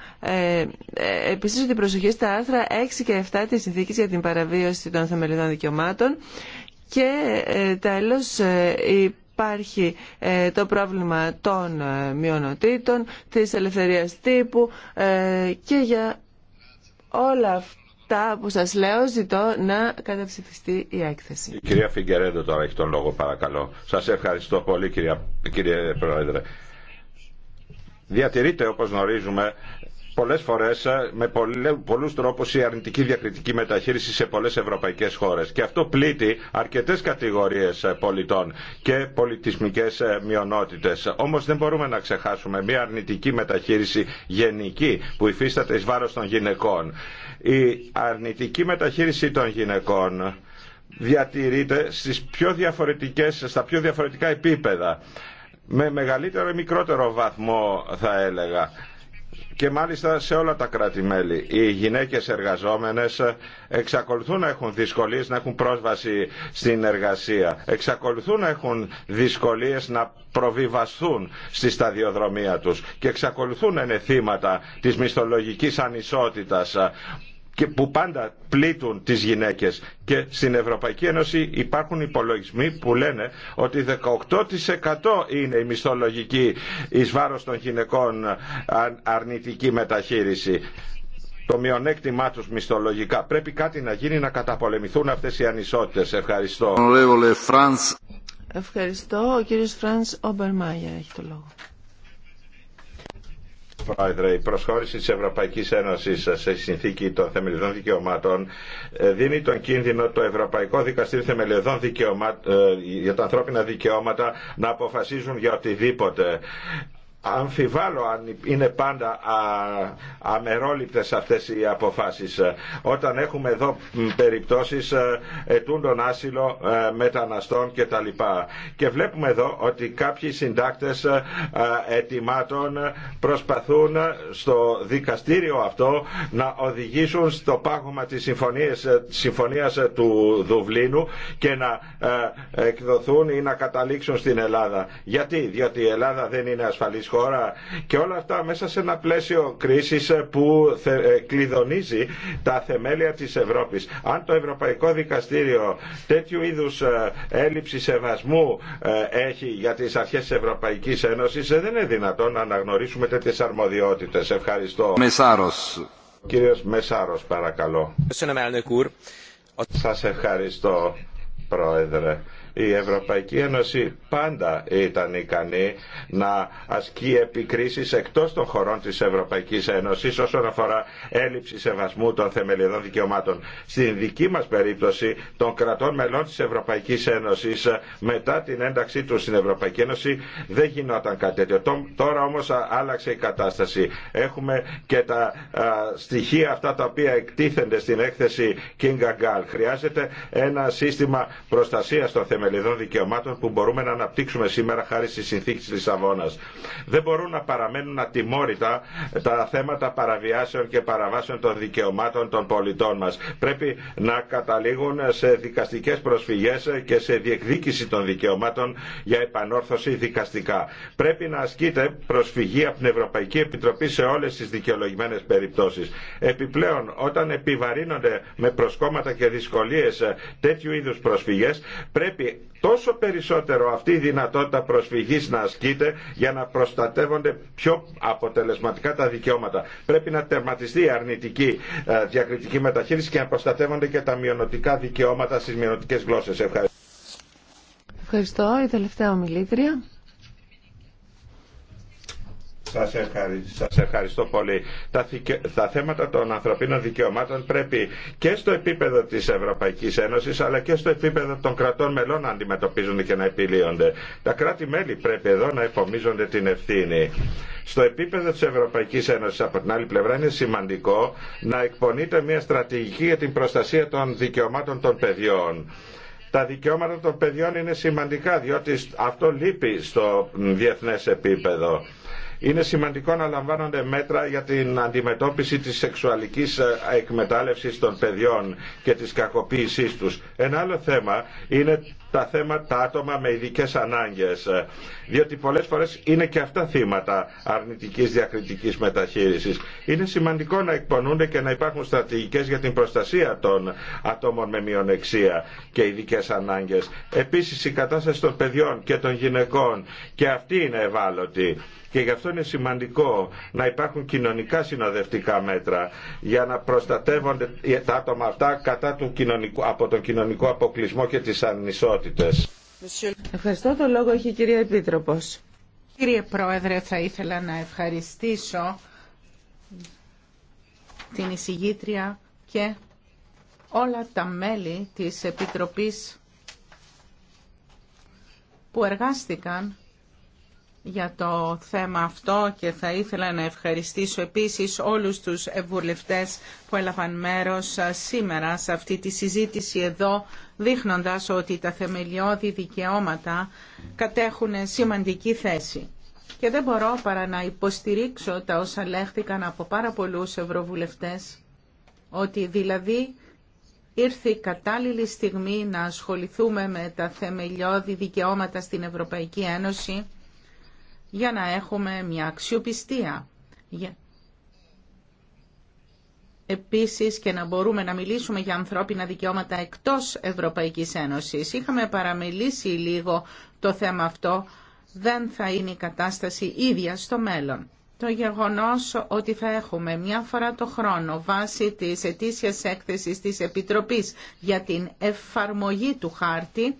επιστήσω την προσοχή στα άρθρα 6 και 7 της Συνθήκης για την παραβίωση των θεμελιδών δικαιωμάτων και τέλος η υπάρχει ε, το πρόβλημα των ε, μειονοτήτων, της ελευθερίας τύπου ε, και για όλα αυτά που σας λέω ζητώ να καταψηφιστεί η έκθεση. Η κυρία Φιγκερέντο τώρα έχει τον λόγο παρακαλώ. Σας ευχαριστώ πολύ κυρία, κύριε Πρόεδρε. Διατηρείται όπως γνωρίζουμε Πολλέ φορές ε, με πολλούς τρόπους η αρνητική διακριτική μεταχείριση σε πολλές ευρωπαϊκές χώρες και αυτό πλήττει αρκετές κατηγορίες ε, πολιτών και πολιτισμικές ε, μειονότητε. Όμως δεν μπορούμε να ξεχάσουμε μια αρνητική μεταχείριση γενική που υφίσταται ει βάρος των γυναικών. Η αρνητική μεταχείριση των γυναικών διατηρείται στις πιο διαφορετικές, στα πιο διαφορετικά επίπεδα με μεγαλύτερο ή μικρότερο βαθμό θα έλεγα και μάλιστα σε όλα τα κράτη-μέλη. Οι γυναίκες εργαζόμενες εξακολουθούν να έχουν δυσκολίες να έχουν πρόσβαση στην εργασία. Εξακολουθούν να έχουν δυσκολίες να προβιβαστούν στη σταδιοδρομία τους και εξακολουθούν να είναι θύματα της μισθολογικής ανισότητας και που πάντα πλήττουν τις γυναίκες και στην Ευρωπαϊκή Ένωση υπάρχουν υπολογισμοί που λένε ότι 18% είναι η μισθολογική εις βάρος των γυναικών αρνητική μεταχείριση το μειονέκτημά τους μισθολογικά. Πρέπει κάτι να γίνει να καταπολεμηθούν αυτές οι ανισότητες. Ευχαριστώ. Ευχαριστώ. Ο κύριος Φρανς Ομπερμάγια έχει το λόγο. Πρόεδρε, η προσχώρηση της Ευρωπαϊκής Ένωσης σε συνθήκη των θεμελιωδών δικαιωμάτων ε, δίνει τον κίνδυνο το Ευρωπαϊκό Δικαστήριο Θεμελιωδών Δικαιωμάτων ε, για τα ανθρώπινα δικαιώματα να αποφασίζουν για οτιδήποτε αμφιβάλλω αν είναι πάντα α, αμερόληπτες αυτές οι αποφάσεις. Ε, όταν έχουμε εδώ περιπτώσεις ε, τον άσυλο ε, μεταναστών και τα Και βλέπουμε εδώ ότι κάποιοι συντάκτες ετοιμάτων προσπαθούν στο δικαστήριο αυτό να οδηγήσουν στο πάγωμα της συμφωνίας, του Δουβλίνου και να εκδοθούν ή να καταλήξουν στην Ελλάδα. Γιατί, διότι η Ελλάδα δεν είναι ασφαλής και όλα αυτά μέσα σε ένα πλαίσιο κρίσης που ε, κλειδονίζει τα θεμέλια της Ευρώπης. Αν το Ευρωπαϊκό Δικαστήριο τέτοιου είδους ε, έλλειψη σεβασμού ε, έχει για τις αρχές της Ευρωπαϊκής Ένωσης δεν είναι δυνατόν να αναγνωρίσουμε τέτοιες αρμοδιότητες. Ευχαριστώ. Μεσάρος. Κύριος Μεσάρος παρακαλώ. Σας ευχαριστώ Πρόεδρε η Ευρωπαϊκή Ένωση πάντα ήταν ικανή να ασκεί επικρίσεις εκτός των χωρών της Ευρωπαϊκής Ένωσης όσον αφορά έλλειψη σεβασμού των θεμελιωδών δικαιωμάτων. Στην δική μας περίπτωση των κρατών μελών της Ευρωπαϊκής Ένωσης μετά την ένταξή του στην Ευρωπαϊκή Ένωση δεν γινόταν κάτι τέτοιο. Τώρα όμως άλλαξε η κατάσταση. Έχουμε και τα στοιχεία αυτά τα οποία εκτίθενται στην έκθεση Kinga Gal. Χρειάζεται ένα σύστημα προστασίας των θεμελιωδών θεμελιδών δικαιωμάτων που μπορούμε να αναπτύξουμε σήμερα χάρη στη συνθήκη τη Λισαβόνα. Δεν μπορούν να παραμένουν ατιμόρυτα τα θέματα παραβιάσεων και παραβάσεων των δικαιωμάτων των πολιτών μα. Πρέπει να καταλήγουν σε δικαστικέ προσφυγέ και σε διεκδίκηση των δικαιωμάτων για επανόρθωση δικαστικά. Πρέπει να ασκείται προσφυγή από την Ευρωπαϊκή Επιτροπή σε όλε τι δικαιολογημένε περιπτώσει. Επιπλέον, όταν επιβαρύνονται με προσκόμματα και δυσκολίε τέτοιου είδου προσφυγέ, πρέπει τόσο περισσότερο αυτή η δυνατότητα προσφυγής να ασκείται για να προστατεύονται πιο αποτελεσματικά τα δικαιώματα. Πρέπει να τερματιστεί η αρνητική ε, διακριτική μεταχείριση και να προστατεύονται και τα μειονοτικά δικαιώματα στις μειονοτικές γλώσσες. Ευχαριστώ. Ευχαριστώ. Η τελευταία ομιλήτρια. Σας ευχαριστώ. Σας ευχαριστώ πολύ. Τα, θέματα των ανθρωπίνων δικαιωμάτων πρέπει και στο επίπεδο της Ευρωπαϊκής Ένωσης αλλά και στο επίπεδο των κρατών μελών να αντιμετωπίζουν και να επιλύονται. Τα κράτη-μέλη πρέπει εδώ να επομίζονται την ευθύνη. Στο επίπεδο της Ευρωπαϊκής Ένωσης από την άλλη πλευρά είναι σημαντικό να εκπονείται μια στρατηγική για την προστασία των δικαιωμάτων των παιδιών. Τα δικαιώματα των παιδιών είναι σημαντικά διότι αυτό λείπει στο διεθνές επίπεδο. Είναι σημαντικό να λαμβάνονται μέτρα για την αντιμετώπιση της σεξουαλικής ε, εκμετάλλευσης των παιδιών και της κακοποίησής τους. Ένα άλλο θέμα είναι τα θέματα τα άτομα με ειδικέ ανάγκες, ε, διότι πολλές φορές είναι και αυτά θύματα αρνητικής διακριτικής μεταχείρισης. Είναι σημαντικό να εκπονούνται και να υπάρχουν στρατηγικές για την προστασία των ατόμων με μειονεξία και ειδικέ ανάγκες. Επίση, η κατάσταση των παιδιών και των γυναικών και αυτή είναι ευάλωτη. Και γι' αυτό είναι σημαντικό να υπάρχουν κοινωνικά συνοδευτικά μέτρα για να προστατεύονται τα άτομα αυτά κατά του κοινωνικού, από τον κοινωνικό αποκλεισμό και τις ανισότητες. Ευχαριστώ. Το λόγο έχει η κυρία Επίτροπος. Κύριε Πρόεδρε, θα ήθελα να ευχαριστήσω την εισηγήτρια και όλα τα μέλη της Επιτροπής που εργάστηκαν για το θέμα αυτό και θα ήθελα να ευχαριστήσω επίσης όλους τους ευβουλευτές που έλαβαν μέρος ε, σήμερα σε αυτή τη συζήτηση εδώ δείχνοντας ότι τα θεμελιώδη δικαιώματα κατέχουν σημαντική θέση. Και δεν μπορώ παρά να υποστηρίξω τα όσα λέχθηκαν από πάρα πολλούς ευρωβουλευτές ότι δηλαδή ήρθε η κατάλληλη στιγμή να ασχοληθούμε με τα θεμελιώδη δικαιώματα στην Ευρωπαϊκή Ένωση για να έχουμε μια αξιοπιστία. Επίσης και να μπορούμε να μιλήσουμε για ανθρώπινα δικαιώματα εκτός Ευρωπαϊκής Ένωσης. Είχαμε παραμιλήσει λίγο το θέμα αυτό. Δεν θα είναι η κατάσταση ίδια στο μέλλον. Το γεγονός ότι θα έχουμε μια φορά το χρόνο βάσει της ετήσιας έκθεσης της Επιτροπής για την εφαρμογή του χάρτη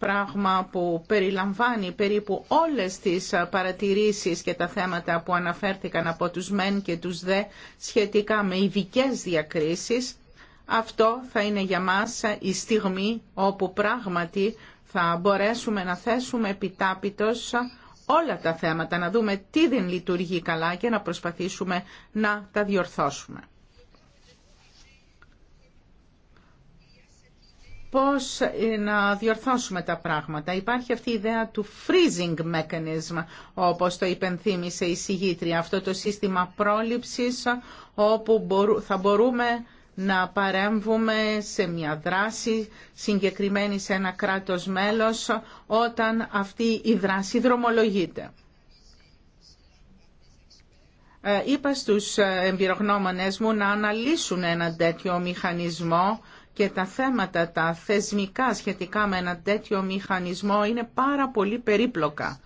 πράγμα που περιλαμβάνει περίπου όλες τις παρατηρήσεις και τα θέματα που αναφέρθηκαν από τους μεν και τους δε σχετικά με ειδικέ διακρίσεις. Αυτό θα είναι για μας η στιγμή όπου πράγματι θα μπορέσουμε να θέσουμε επιτάπητος όλα τα θέματα, να δούμε τι δεν λειτουργεί καλά και να προσπαθήσουμε να τα διορθώσουμε. πώς ε, να διορθώσουμε τα πράγματα. Υπάρχει αυτή η ιδέα του freezing mechanism, όπως το υπενθύμησε η συγγήτρια, αυτό το σύστημα πρόληψης ε, όπου θα μπορούμε να παρέμβουμε σε μια δράση συγκεκριμένη σε ένα κράτος μέλος ε, όταν αυτή η δράση δρομολογείται. Είπα στους εμπειρογνώμονες μου να αναλύσουν ένα τέτοιο μηχανισμό και τα θέματα τα θεσμικά σχετικά με ένα τέτοιο μηχανισμό είναι πάρα πολύ περίπλοκα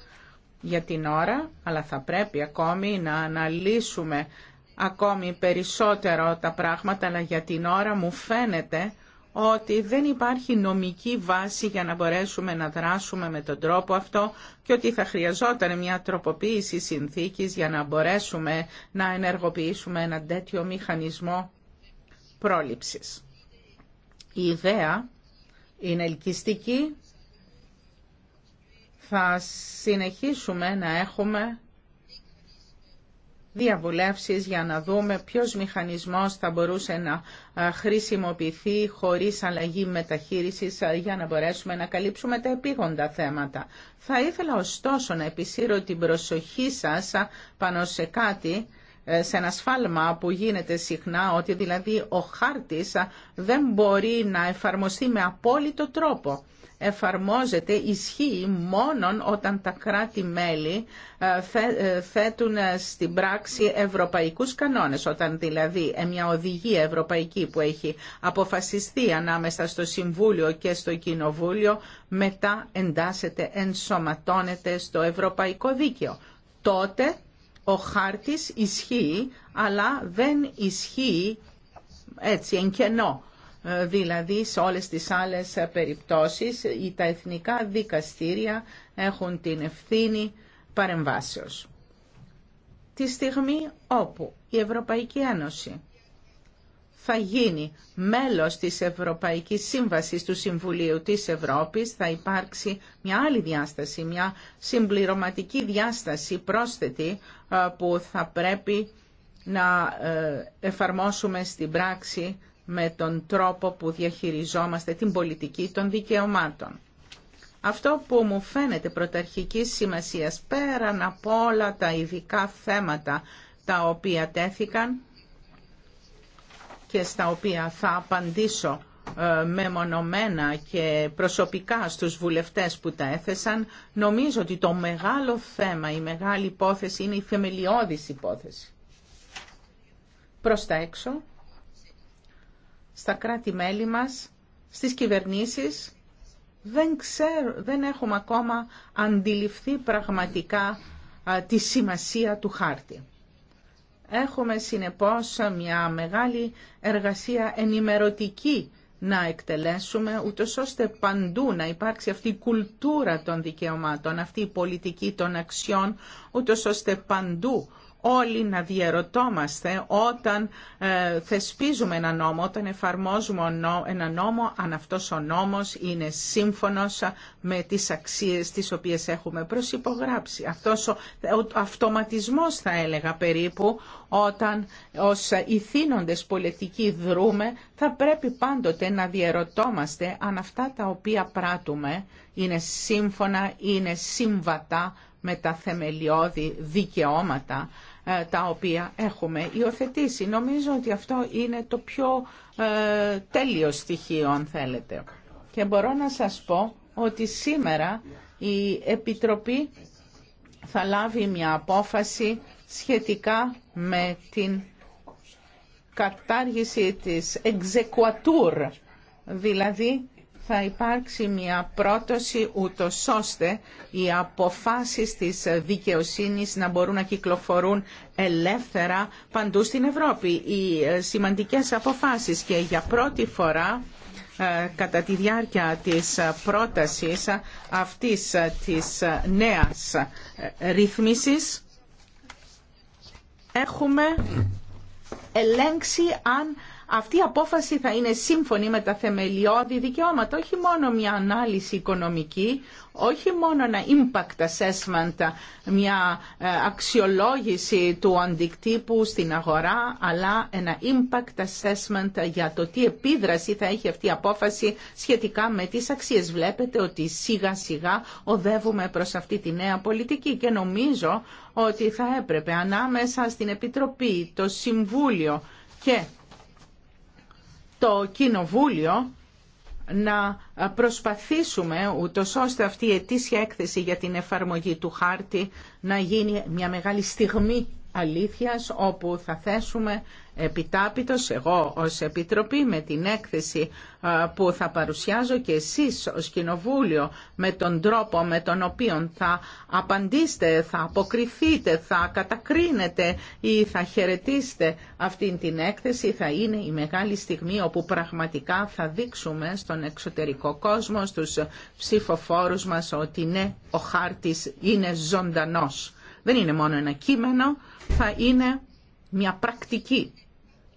για την ώρα, αλλά θα πρέπει ακόμη να αναλύσουμε ακόμη περισσότερο τα πράγματα, αλλά για την ώρα μου φαίνεται ότι δεν υπάρχει νομική βάση για να μπορέσουμε να δράσουμε με τον τρόπο αυτό και ότι θα χρειαζόταν μια τροποποίηση συνθήκης για να μπορέσουμε να ενεργοποιήσουμε ένα τέτοιο μηχανισμό πρόληψης. Η ιδέα είναι ελκυστική. Θα συνεχίσουμε να έχουμε διαβουλεύσεις για να δούμε ποιος μηχανισμός θα μπορούσε να χρησιμοποιηθεί χωρίς αλλαγή μεταχείρισης για να μπορέσουμε να καλύψουμε τα επίγοντα θέματα. Θα ήθελα ωστόσο να επισύρω την προσοχή σας πάνω σε κάτι ε, σε ένα σφάλμα που γίνεται συχνά, ότι δηλαδή ο χάρτης δεν μπορεί να εφαρμοστεί με απόλυτο τρόπο. Εφαρμόζεται, ισχύει μόνον όταν τα κράτη-μέλη ε, ε, θέτουν στην πράξη ευρωπαϊκούς κανόνες. Όταν δηλαδή μια οδηγία ευρωπαϊκή που έχει αποφασιστεί ανάμεσα στο Συμβούλιο και στο Κοινοβούλιο, μετά εντάσσεται, ενσωματώνεται στο ευρωπαϊκό δίκαιο. Τότε ο χάρτης ισχύει, αλλά δεν ισχύει έτσι εν κενό. Ε, δηλαδή σε όλες τις άλλες ε, περιπτώσεις τα εθνικά δικαστήρια έχουν την ευθύνη παρεμβάσεως. Τη στιγμή όπου η Ευρωπαϊκή Ένωση θα γίνει μέλος της Ευρωπαϊκής Σύμβασης του Συμβουλίου της Ευρώπης, θα υπάρξει μια άλλη διάσταση, μια συμπληρωματική διάσταση πρόσθετη ε, που θα πρέπει να ε, εφαρμόσουμε στην πράξη με τον τρόπο που διαχειριζόμαστε την πολιτική των δικαιωμάτων. Αυτό που μου φαίνεται πρωταρχικής σημασίας πέραν από όλα τα ειδικά θέματα τα οποία τέθηκαν και στα οποία θα απαντήσω ε, μεμονωμένα και προσωπικά στους βουλευτές που τα έθεσαν, νομίζω ότι το μεγάλο θέμα, η μεγάλη υπόθεση είναι η θεμελιώδης υπόθεση. Προς τα έξω, στα κράτη-μέλη μας, στις κυβερνήσεις, δεν, ξέρω, δεν έχουμε ακόμα αντιληφθεί πραγματικά ε, τη σημασία του χάρτη. Έχουμε συνεπώς μια μεγάλη εργασία ενημερωτική να εκτελέσουμε, ούτως ώστε παντού να υπάρξει αυτή η κουλτούρα των δικαιωμάτων, αυτή η πολιτική των αξιών, ούτως ώστε παντού όλοι να διαρωτόμαστε όταν ε, θεσπίζουμε ένα νόμο, όταν εφαρμόζουμε ένα νόμο, αν αυτός ο νόμος είναι σύμφωνος με τις αξίες τις οποίες έχουμε προσυπογράψει. Αυτός ο, ο αυτοματισμός θα έλεγα περίπου, όταν ως ηθήνοντες πολιτικοί δρούμε, θα πρέπει πάντοτε να διαρωτόμαστε αν αυτά τα οποία πράττουμε είναι σύμφωνα, είναι σύμβατα με τα θεμελιώδη δικαιώματα ε, τα οποία έχουμε υιοθετήσει. Νομίζω ότι αυτό είναι το πιο ε, τέλειο στοιχείο, αν θέλετε. Και μπορώ να σας πω ότι σήμερα η Επιτροπή θα λάβει μια απόφαση σχετικά με την κατάργηση της εξεκουατούρ, δηλαδή θα υπάρξει μια πρόταση ούτω ώστε οι αποφάσεις της δικαιοσύνης να μπορούν να κυκλοφορούν ελεύθερα παντού στην Ευρώπη. Οι ε, σημαντικές αποφάσεις και για πρώτη φορά ε, κατά τη διάρκεια της πρότασης αυτής ε, της νέας ρύθμισης έχουμε ελέγξει αν αυτή η απόφαση θα είναι σύμφωνη με τα θεμελιώδη δικαιώματα, όχι μόνο μια ανάλυση οικονομική, όχι μόνο ένα impact assessment, μια ε, αξιολόγηση του αντικτύπου στην αγορά, αλλά ένα impact assessment για το τι επίδραση θα έχει αυτή η απόφαση σχετικά με τις αξίες. Βλέπετε ότι σιγά σιγά οδεύουμε προς αυτή τη νέα πολιτική και νομίζω ότι θα έπρεπε ανάμεσα στην Επιτροπή, το Συμβούλιο και το Κοινοβούλιο να προσπαθήσουμε ούτω ώστε αυτή η ετήσια έκθεση για την εφαρμογή του χάρτη να γίνει μια μεγάλη στιγμή αλήθειας όπου θα θέσουμε επιτάπητος εγώ ως Επιτροπή με την έκθεση που θα παρουσιάζω και εσείς ως Κοινοβούλιο με τον τρόπο με τον οποίο θα απαντήσετε, θα αποκριθείτε, θα κατακρίνετε ή θα χαιρετήσετε αυτήν την έκθεση θα είναι η μεγάλη στιγμή όπου πραγματικά θα χαιρετησετε αυτη την εκθεση θα ειναι η μεγαλη στιγμη οπου πραγματικα θα δειξουμε στον εξωτερικό κόσμο, στους ψηφοφόρους μας ότι ναι, ο χάρτης είναι ζωντανός. Δεν είναι μόνο ένα κείμενο, θα είναι μια πρακτική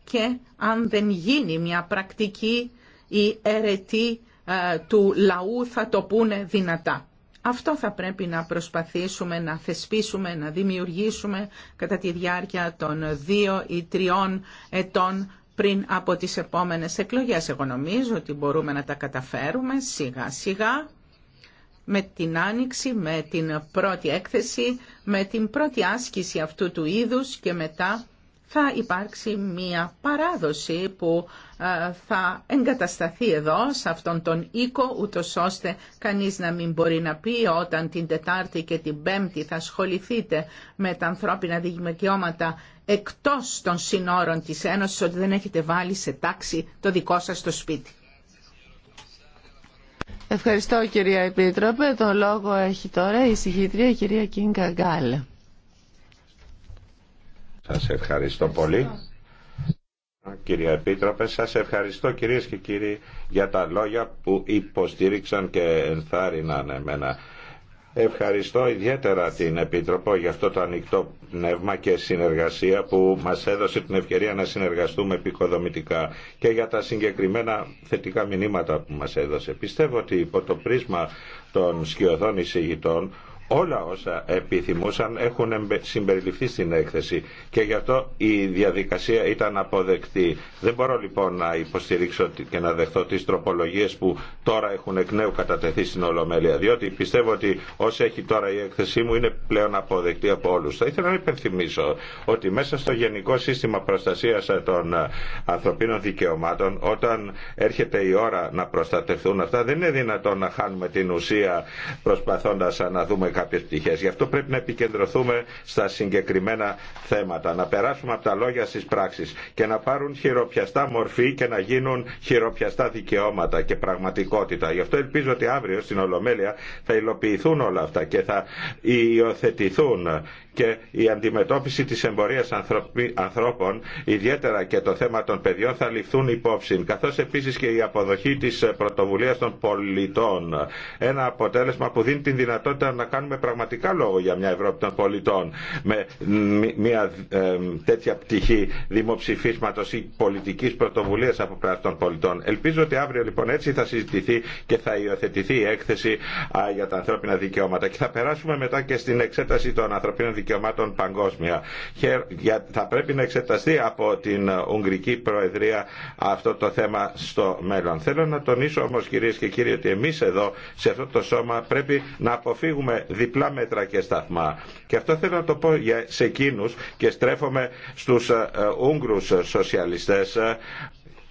και αν δεν γίνει μια πρακτική ή αιρετή ε, του λαού θα το πούνε δυνατά. Αυτό θα πρέπει να προσπαθήσουμε να θεσπίσουμε, να δημιουργήσουμε κατά τη διάρκεια των δύο ή τριών ετών πριν από τις επόμενες εκλογές. Εγώ νομίζω ότι μπορούμε να τα καταφέρουμε σιγά σιγά με την άνοιξη, με την πρώτη έκθεση, με την πρώτη άσκηση αυτού του είδους και μετά θα υπάρξει μία παράδοση που ε, θα εγκατασταθεί εδώ, σε αυτόν τον οίκο, ούτω ώστε κανείς να μην μπορεί να πει όταν την Τετάρτη και την Πέμπτη θα ασχοληθείτε με τα ανθρώπινα δικαιώματα εκτός των συνόρων της Ένωσης ότι δεν έχετε βάλει σε τάξη το δικό σας το σπίτι. Ευχαριστώ κυρία Επίτροπε. Το λόγο έχει τώρα η συγχύτρια κυρία Κίνκα Γκάλε. Σας ευχαριστώ πολύ. Κύριε Επίτροπε, σας ευχαριστώ κυρίες και κύριοι για τα λόγια που υποστήριξαν και ενθάρρυναν εμένα. Ευχαριστώ ιδιαίτερα την Επίτροπο για αυτό το ανοιχτό πνεύμα και συνεργασία που μας έδωσε την ευκαιρία να συνεργαστούμε επικοδομητικά και για τα συγκεκριμένα θετικά μηνύματα που μας έδωσε. Πιστεύω ότι υπό το πρίσμα των σκιωδών εισηγητών όλα όσα επιθυμούσαν έχουν συμπεριληφθεί στην έκθεση και γι' αυτό η διαδικασία ήταν αποδεκτή. Δεν μπορώ λοιπόν να υποστηρίξω και να δεχτώ τις τροπολογίες που τώρα έχουν εκ νέου κατατεθεί στην Ολομέλεια διότι πιστεύω ότι όσα έχει τώρα η έκθεσή μου είναι πλέον αποδεκτή από όλους. Θα ήθελα να υπενθυμίσω ότι μέσα στο Γενικό Σύστημα Προστασίας των ε, Ανθρωπίνων Δικαιωμάτων όταν έρχεται η ώρα να προστατευτούν αυτά δεν είναι δυνατόν να χάνουμε την ουσία προσπαθώντας να δούμε κάποιες Γι' αυτό πρέπει να επικεντρωθούμε στα συγκεκριμένα θέματα, να περάσουμε από τα λόγια στις πράξεις και να πάρουν χειροπιαστά μορφή και να γίνουν χειροπιαστά δικαιώματα και πραγματικότητα. Γι' αυτό ελπίζω ότι αύριο στην Ολομέλεια θα υλοποιηθούν όλα αυτά και θα υιοθετηθούν και η αντιμετώπιση της εμπορίας ανθρώπων, ιδιαίτερα και το θέμα των παιδιών, θα ληφθούν υπόψη, καθώς επίσης και η αποδοχή της πρωτοβουλίας των πολιτών. Ένα αποτέλεσμα που δίνει την δυνατότητα να κάνουμε πραγματικά λόγο για μια Ευρώπη των πολιτών, με μια ε, τέτοια πτυχή δημοψηφίσματος ή πολιτικής πρωτοβουλίας από πλευρά των πολιτών. Ελπίζω ότι αύριο λοιπόν έτσι θα συζητηθεί και θα υιοθετηθεί η έκθεση για τα ανθρώπινα δικαιώματα και θα περάσουμε μετά και στην εξέταση των ανθρωπίνων δικαιωμάτων Δικαιωμάτων παγκόσμια. Θα πρέπει να εξεταστεί από την ε, Ουγγρική Προεδρία αυτό το θέμα στο μέλλον. Θέλω να τονίσω όμως κυρίες και κύριοι ότι εμείς εδώ σε αυτό το σώμα πρέπει να αποφύγουμε διπλά μέτρα και σταθμά. Και αυτό θέλω να το πω σε εκείνου και στρέφομαι στους ε, ε, Ούγγρους σοσιαλιστές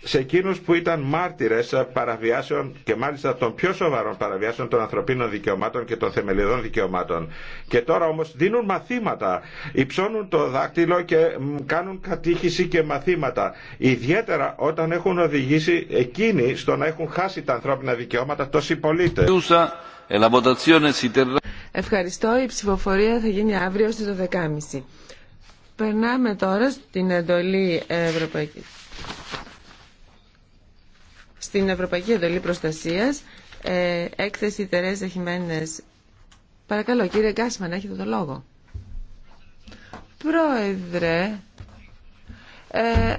σε εκείνου που ήταν μάρτυρες παραβιάσεων και μάλιστα των πιο σοβαρών παραβιάσεων των ανθρωπίνων δικαιωμάτων και των θεμελιωδών δικαιωμάτων. Και τώρα όμως δίνουν μαθήματα, υψώνουν το δάκτυλο και κάνουν κατήχηση και μαθήματα. Ιδιαίτερα όταν έχουν οδηγήσει εκείνοι στο να έχουν χάσει τα ανθρώπινα δικαιώματα τόσοι πολίτες. Ευχαριστώ. Η ψηφοφορία θα γίνει αύριο στι 12.30. Περνάμε τώρα στην εντολή Ευρωπαϊκή στην Ευρωπαϊκή Εντολή Προστασίας, ε, έκθεση Τερέζα Χιμένες. Παρακαλώ, κύριε Γκάσμαν, έχετε το λόγο. Πρόεδρε, ε,